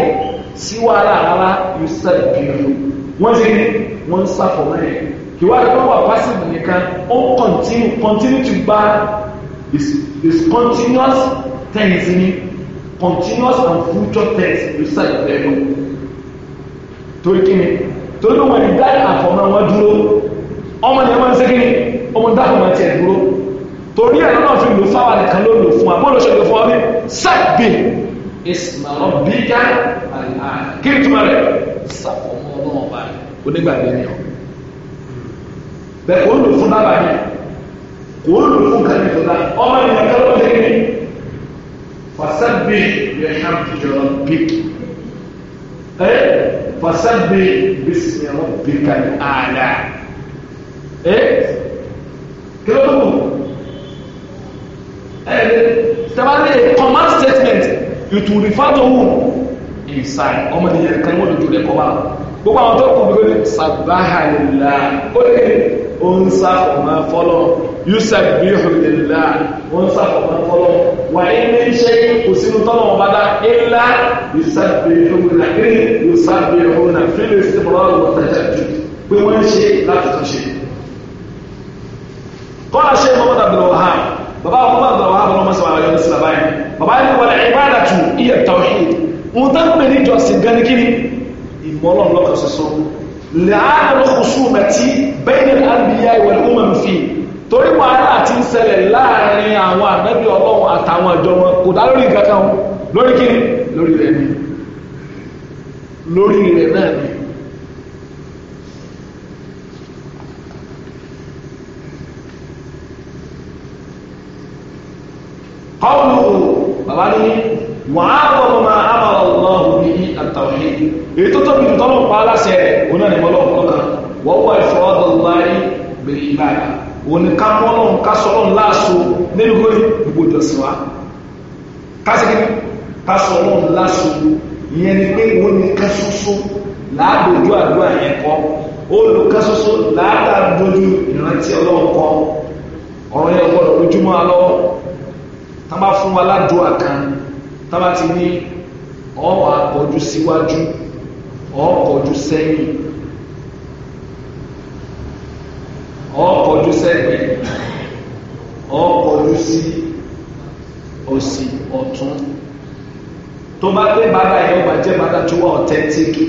sí wàhálà rárá yusabbihu wọ́n ti ní wọ́n ń sàfọ̀mọ́ yẹn kí wàá tó wà passive nìkan ó ń continue continue to gba this this continuous tense ni continuous and future tense ló ṣàyẹ̀wò ẹ̀rọ torí kí ni torí wọn ni dáì àfọmọ wọn dúró ọmọ ni wọn ń ṣe kí ni ọmọ dáhùn wọn tiẹ̀ dúró torí ẹ̀rọ náà fi lò fáwọn nìkan ló lò fún wa bó ló ṣe lò fún wa ní sẹ́gbìn ìsìnàlọ́ bíga kí ni túmọ̀ rẹ̀ ṣàfọmọ ọlọ́wọ́n bá rẹ̀ onígbàgbé ni ọ bẹ́ẹ̀ kò ń lò fún bàbá yẹn kò ń lò fún kàlífọ̀dá ọmọ ènìyàn kẹ́lọ́ فسبح بحمد ربك ايه فسبح باسم ربك الاعلى ايه كده tẹ́wájú a command statement it will refer to whom inside ọmọ nìyẹn kan wọ́n lójú rẹ̀ kọ́ wa gbogbo àwọn tó kọ́ bí wọ́n ní sàbáhà nìlá ó lè ó ń sáfọ̀mọ́ fọ́lọ́ yusuf bí ìhùlélá ó ń sáfọ̀mọ́ fọ́lọ́ wà ní iṣẹ́ kò sínú tọ́lọ̀ wọn bá dá ilá yusuf bí ìhùlélá kí yusuf bí ìhùlélá fílẹ̀ sí ọlọ́run wọn tẹ̀lé jù pé wọ́n ń ṣe láti tún ṣe. kọ́lá ṣe mọ́mọ́dà bẹ̀rẹ̀ wà hàn bàbá àwọn mọ́mọ́dà bẹ̀rẹ̀ wà hàn bọ́lọ́mọ́sọ̀ wà lọ́yọ́ sí bàbá yẹn bàbá yẹn wọlé ìbádàtù iyẹ̀ tawhid tán pè ní jọ̀sìn gan ni kí ni ìmọ̀lọ́n lọ́kọ̀ sùn mẹ́tì bẹ́ẹ̀ni àbíyá ìwẹ̀lúmọ̀ fi torí wàhálà ti ń ṣẹlẹ̀ láàrin àwọn ànábì ọlọ́run àtàwọn àjọ wọn kò dá lórí nǹkan kan lórí kíni lórí rẹ̀ ni lórí rẹ̀ náà ni. kọ́ọ̀lù bàbá ní wàá wọ́n máa ábàlọ́ ọ̀hún ní àtàwọn èyí tó tó tọ́lọ̀ pa á láṣẹ òun náà ni mọ́lọ́ ọ̀kan wọ́n wọ ìfọwọ́dọ̀ láyé gbèrè ìbáyà òun ni ká mọ́ lọ́hùn ká sọ lọ́hùn láàṣọ nínú gbórí gbogbo ìjọsìn wa kásìkì ká sọ lọ́hùn láàṣọ ìyẹn ni pé òun ni ká ṣoṣo láàdójú àdúrà yẹn kọ́ olùkọ́ ṣoṣo láàdójú ìrántí ọlọ́run kọ́ ọ̀rọ̀ yẹn gbọ́dọ̀ lójúmọ́ alọ́ tá bá fún wa ládùúà kan tá bá ti ní ọ̀ọ́ àkọ́jú síwájú ọ̀ọ́ sẹ́yìn kọjú sẹ́gbẹ̀ẹ́ ọ kọjú sí òsì ọ̀tún tó bá pé bàtà yẹn ọgbà jẹ́ bàtà tó wà ọ̀tẹ́ntìkì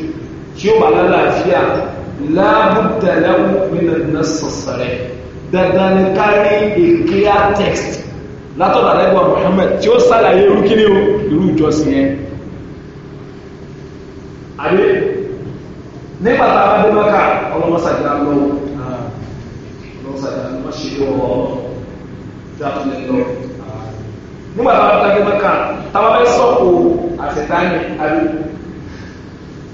tí ó bá lálàáfíà láàbùdà láwùú sọ̀sẹ̀rẹ̀ dandan ní a clear text látọ̀dà lẹ́gbọ̀n Muhammad tí ó sàlàyé irú kí ni o irú ìjọsìn yẹn àbí nígbà tá a lọ́wọ́ mọ́ṣẹ́ wọ jáfẹ́ lọ. nígbà táwọn abúlé mẹ́ka táwọn bẹ́ẹ̀ sọ̀kò àtẹ̀dáyẹ àbí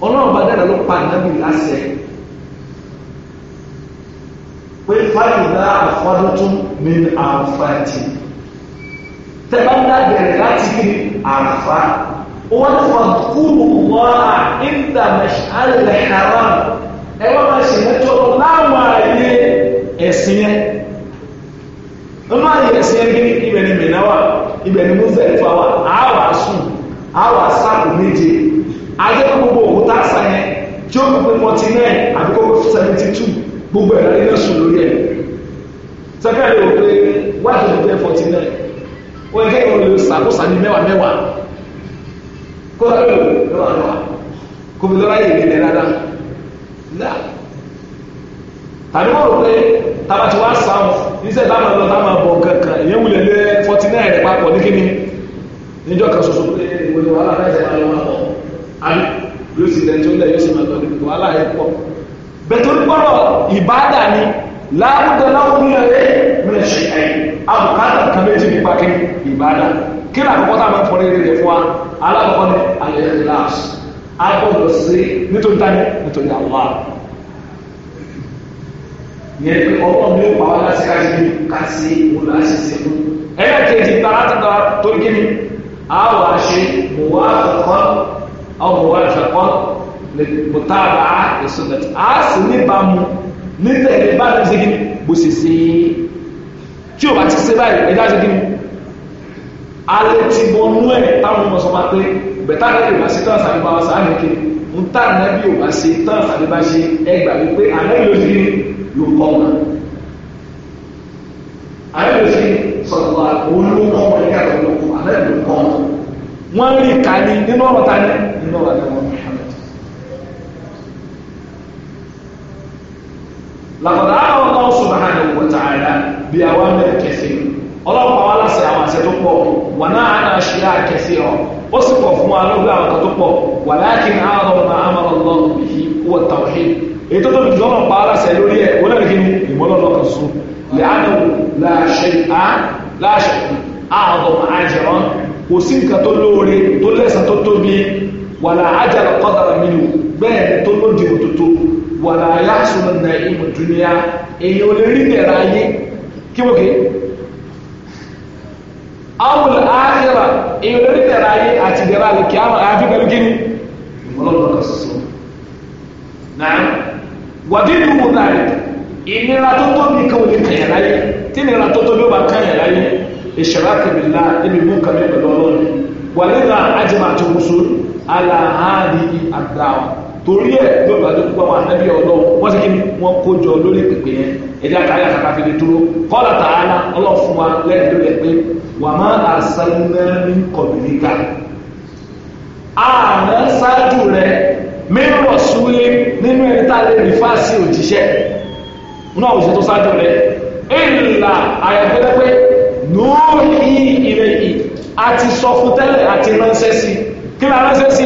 ọlọ́run bá dáná ló pa ìnáwó ìlàsẹ̀ pé fáìlì náà àfọdún tún ní àǹfààní tẹ́ bá ń dá bẹ̀rẹ̀ láti kí àǹfààní. واذكروا الله عند مشعر ẹ̀sìn yẹn ọmọ àyè ẹ̀sìn yẹn ibẹ̀ ni wà ibẹ̀ ni mùsẹ̀lẹ̀fà wà àwà sùn àwà sáàkù méje ajẹ́ gbogbo òkúta àṣà tí ó gbogbo forty nine àbíkó seventy two gbogbo ẹ̀rọ ilé sùn lórí ẹ̀ sẹ́kẹ̀rì ò wájú ló jẹ́ forty nine ó yẹ kéèyàn lè ṣàkóso ní mẹ́wàá mẹ́wàá kó kó tàbí wọ́n rò pé tábà tí wàá sàn níṣẹ́ táwọn ọ̀dọ́ táwọn ọ̀bọ̀ kankan èyí wulẹ̀ lé forty nine papọ̀ ní kíni níjọ́ kan ṣoṣo pé ìwé wàhálà náà ṣe máa lọ́wọ́ pọ̀ àbí yóò sì lẹ́jọ́ lẹ̀ yóò sì máa lọ nípa wàhálà yẹn pọ̀ bẹ̀tẹ̀ onígbọ́dọ̀ ìbáàdà ni láàrúdọ̀ láwọn mílíọ̀nù rẹ̀ mílíọ̀nù ṣe ẹ̀yìn àbùkátà kan méjì nípa kí ìbáàdà kí ni àkọ́kọ́ táwọn máa ń fọdé rẹ̀ fún wa alákọ̀ọ́kọ́ ni alẹ́ yẹn pé ọlọ́run yóò pa wá láti ká sí ká sí òun láti ṣiṣẹ́ fún. ẹlẹ́kẹ̀ẹ́jì ta láti ta tó kí ni a wà ṣe mò wá àkọ́kọ́ àwọn mò wá àkọ́kọ́ mò tá a bá èso dàtí a sì níbàámu nítẹ̀lé bá ti ṣe kí ni bó ṣe ṣe tí o bá ti ṣe báyìí ẹ̀dá ṣe kí ni alẹ́ ti bọnú ẹ̀ táwọn ọmọ sọmọ pé bẹ̀tà rẹ̀ yóò bá ṣe tán sàbíbá wa sàánì kí ni ń tà náà bí yóò bá ṣe tán sàbíbá ṣe ẹgbàá wípé àná yóò ṣe kí ni ló kọ́ wọn. àyẹ̀wòsí sọ̀rọ̀ àwọn olókọ́ wọn ní ẹ̀rọ ló kọ́ àlẹ́ ló kọ́ wọn. wọ́n rí ìkànnì nínú ọ̀rọ̀ ta ni nínú ọ̀rọ̀ ta wọn. làkọ̀dá àwọn ọ̀tọ̀ subhanahu wa ta'ala bí àwọn mẹ́rin kẹsì ọlọ́pàá wa lásìkò àwọn àṣẹ tó pọ̀ wọn náà á náà ṣe àkẹsì ọ̀ ó sì pọ̀ fún wa lórí àwọn kan tó pọ̀ walakin àárọ̀ máa amara Allah bihi huwa tawhid ètò tó dùn lọ́nà pa aláṣẹ lórí ẹ̀ wọ́n lẹ́rìí kí ìmọ́lọ́lọ́ kan sún lẹ́ánù láṣẹ láṣẹ ààbọ̀ àjẹrán kò sí nǹkan tó lóore tó lẹ́sàn tó tóbi wàlà àjàrà kọ́dàrà mi bẹ́ẹ̀ ni tó lóde òtútù wàlà yásùn nà ìmọ̀ dúníà èyí ò lè rí dẹ̀ra ayé kí wọ́n ké èyí ò lè rí dẹ̀ra ayé àti dẹ̀ra àlùkìyàmọ̀ àyàfi pẹ̀lú kí ni ìmọ̀lọ́lọ́ kan náà. wàbí dùnmù náà ìnira tó tóbi kan ò ní kàyà láyé tí ìnira ka tóbi ó bá kàyà láyé ìṣẹ̀rá kẹbìlá ẹni mú kàmí pẹ̀lú ọlọ́run wà nígbà ajímọ̀ àti musu aláhàrí torí ẹ̀ bá sì kí kó jọ lórí pèpè yẹn kàkà fi lè dúró tààlà wa pé wà má ká sáájú mẹ́rọ̀ súnlé nínú ẹni tá a lè rí fáàsì òjíṣẹ́ nínú àwọn òṣèlú tó sáájú rẹ̀ ìlà àyàgbẹ́lẹ́ pé lóòhì ilẹ̀ yìí a ti sọ fún tẹ́lẹ̀ àti ránṣẹ́ sí kí lá, ránṣẹ́ sí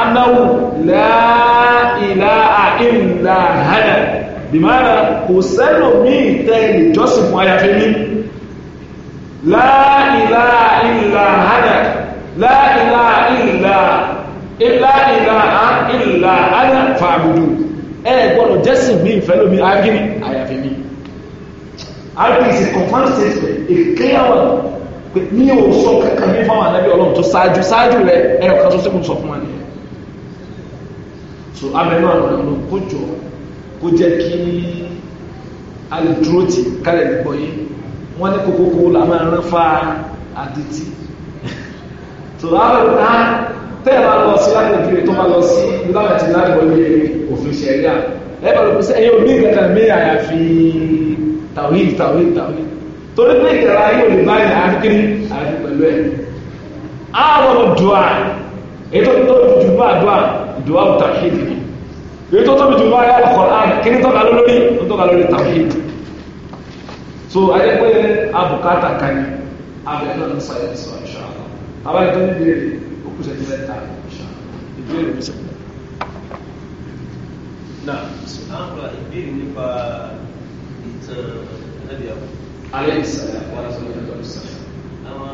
anáwó láìlà àìlà hànà bìmára kò sẹ́lò mí ìtẹ́ ìjọsìn fún àyàfẹ́ mi láìlà àìlà hànà láìlà àìlà ilá ìlà ìlà àyà fàbùdù ẹ gbọ́dọ̀ jẹ́sìn mi ìfẹ́ lómi agírí àyàfi mi rpc confam statement ìkéyàwó pé ní o sọ kankan mi fáwọn anábì ọlọ́run tó ṣáájú ṣáájú rẹ ẹ ọ̀kan tó sẹ́kùn sọ fún wa nìyẹn so abẹnú àwọn ọ̀nà kó jọ kó jẹ́ kí alùdúró tì kálẹ̀ nígbọ̀ yìí wọ́n ní kókókó la máa fa àdìtì so láwọn náà tẹ́yà bá lọ sí láti ìdílé tó bá lọ sí láti láti wọlé òfin ṣẹ̀ríà ẹ bá lọ pèsè ẹ̀yẹ omi ìgbàgbà mi àyàfi tàwíìdì tàwíìdì tàwíìdì torí pé ìtẹ̀lá yóò lè bá yà á kiri àyàfi pẹ̀lú ẹ̀ àwọn dùà ètò tó jù bá dùà dùà ò tàwíìdì ni ètò tó jù bá yà Al-Qur'an kí ni tọ́ka lórí ó tọ́ka lórí tàwíìdì so ayé pé abùkátà kan ni abẹ́rẹ́ náà ń sọ ẹ̀ sọ ìṣọ́ àbáyé tó ń bèrè kù sẹ́jú mẹ́ta ìbéèrè mi sẹ́jú mẹ́ta. náà sùnáàpà ìbéèrè nípa ìtàn ẹ̀dẹ́bíà. alẹ́ ìsàlẹ̀ àwọn aṣọ ìjọba ìsàlẹ̀. àwọn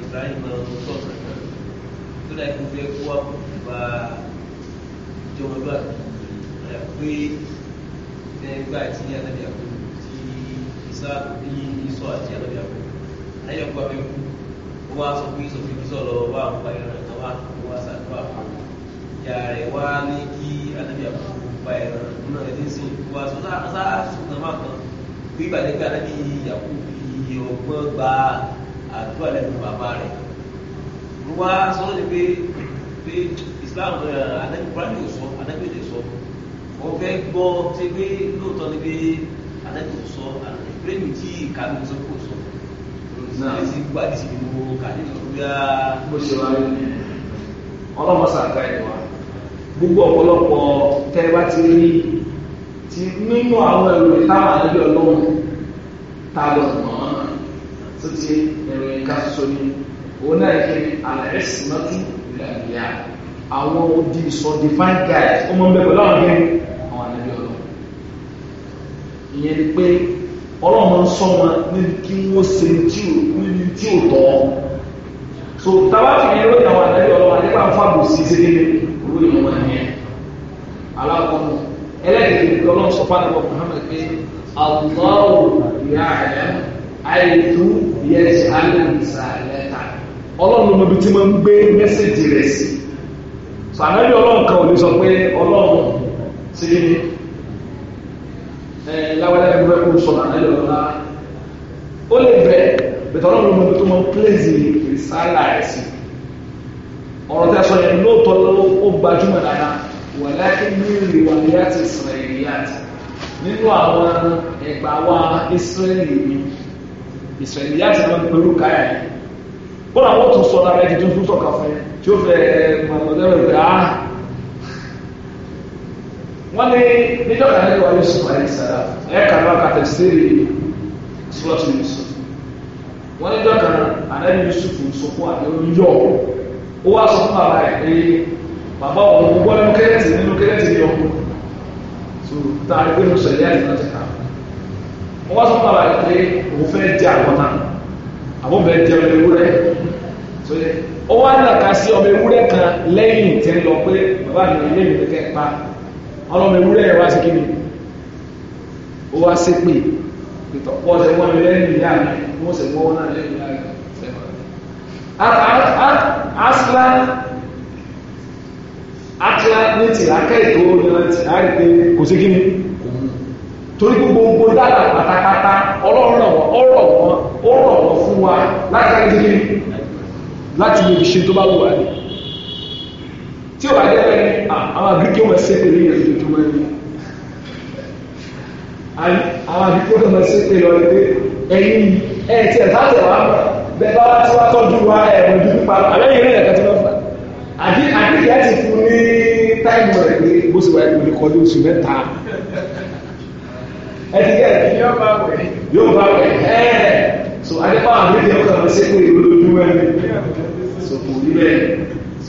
Ibrahim ọ̀tọ̀ kankan tó dáa kó fẹ́ kó wà bá jọmọlúwàbí pé nígbà tí ẹ̀dẹ́bíà kú tí ìsá ìsọ àti ẹ̀dẹ́bíà kú ayọ̀kọ̀ abẹ́kú wọ́n á sọ pé ìsọ̀fin ìsọ̀ lọ wà ń pa di wá wá sàdúrà fún ìyá rẹ̀ wá ní kí anábì àkókò gba ẹ̀rọ náà ẹni sìn wá sọ sáà sùn náà kan bí ìbàdí pé anábì àkókò fi ọgbọ́n gba àdúrà lẹ́nu bàbá rẹ̀ wá sọ ní pé pé Islam anábì eh, buhari ò sọ anábì lè sọ wọ́n fẹ́ gbọ́ ṣe pé lóòótọ́ ni pé anábì ò sọ anábì tí ìkàlù sọ kò sọ sí gbà tí sì gbogbo kàdé lọ́gbà. bó ṣe wá rí ọlọ́mọ sàǹkà ẹ̀ wá gbogbo ọ̀pọ̀lọpọ̀ tẹ́ bá ti rí ti nínú àwọn ẹ̀rọ ìtawà níbi ọlọ́run tá a lọ mọ́ tó ti ẹ̀rọ ìka soso ni òun náà kí àlàyé sì náà ìlànà àwọn odi sọ divine guide ọmọ ń bẹ pẹ̀lú àwọn ẹ̀rọ àwọn àlejò ọlọ́run ìyẹn ni pé ọlọ́run ń sọ wọn níbi kí wọ́n ṣe so tabati yẹn ló dàwọn àdáyé ọlọ́run àti pàǹfà sí ṣẹ́gẹ́lẹ́ olú ìlú wọn yẹn alákọ̀ọ́mù ẹlẹ́yìn ọlọ́run sọ fún àdàbọ̀ Muhammad pé ìyá rẹ̀ so ọlọ́run kan ò ní sọ pé ọlọ́run Eh, lawale ẹgbẹ́ kó sọ̀rọ̀ àná ẹ̀rọ náà ó lè bẹ̀ bẹ̀tẹ̀ ọlọ́run ló mọ tó mọ pléèzì rìsálà ẹ̀sìn ọ̀rọ̀ tẹ́ sọ yẹn lóòótọ́ ó gbajúmọ̀ dáadáa wà láti ní ìrìwà ní láti ìsìnrẹ̀lì láti nínú àwọn ẹgbà wa ìsìnrẹ̀lì ni ìsìnrẹ̀lì láti máa ń pẹ̀lú káyà yìí bọ́lá wọ́n tún sọ lára ẹ̀jẹ̀ tó tún sọ̀kà fún yẹn tí ó fẹ́ eh, mọ̀lẹ́rẹ̀ wọ́n ní níjọ́ ìyá ní wàlúù sùn wàlúù sàrà lẹ́ẹ̀kan náà kàtà sẹ́rì sùlọ́tù Yusuf wọ́n níjọ́ kan àdáni Yusuf sọ́kọ́ àdéhùn yọ̀ ó wá sọ fún bàbá rẹ̀ pé bàbá òun gbọ́ nínú kẹ́rẹ́tì nínú kẹ́rẹ́tì ní ọkọ̀ tó tá a gbé ní sọ ìyá ìlú náà ti kà ó wá sọ fún bàbá rẹ̀ pé òun fẹ́ jẹ àwọn náà àwọn bẹ̀ jẹ ọmọ ewúrẹ́ ó wá ọlọ́mọ ewúrẹ́ ẹ̀ wá sí kí ni ó wá sí pé ìtọ̀ pọ̀ ṣe wọ́n mi lẹ́yìn ìyá mi wọ́n sì gbọ́ náà lẹ́yìn ìyá mi asla asla ní tìlákẹ́ ètò ìran tìlárí pé kò sí kí ni torí gbogbo dára pátápátá ọlọ́run ọ̀rọ̀ wọn ọ̀rọ̀ wọn fún wa láti ká ní sí tí o bá dẹ́ bẹ́ẹ̀ ah, àwọn àgbẹ̀kẹ́ wọn ṣe pé lóye ojoojúmọ́ ni àwọn àgbẹ̀kẹ́ wọn ṣe pé lọ́ọ́ pé ẹ̀yin ẹ̀ tí ẹ̀ sáà tẹ̀ wá bẹ́ẹ̀ bá wá tí wá tọ́jú wa ẹ̀ wọ́n ju pípa àbẹ́yìn rẹ̀ kàtí wọ́n fà àdí àdíkì ẹ̀ ti fún ní táìmù rẹ̀ pé bó ṣe wà ẹ̀ lórí kọjú oṣù mẹ́ta ẹ̀ ti gẹ̀ yóò bá wẹ̀ yóò bá wẹ̀ ẹ̀ so adé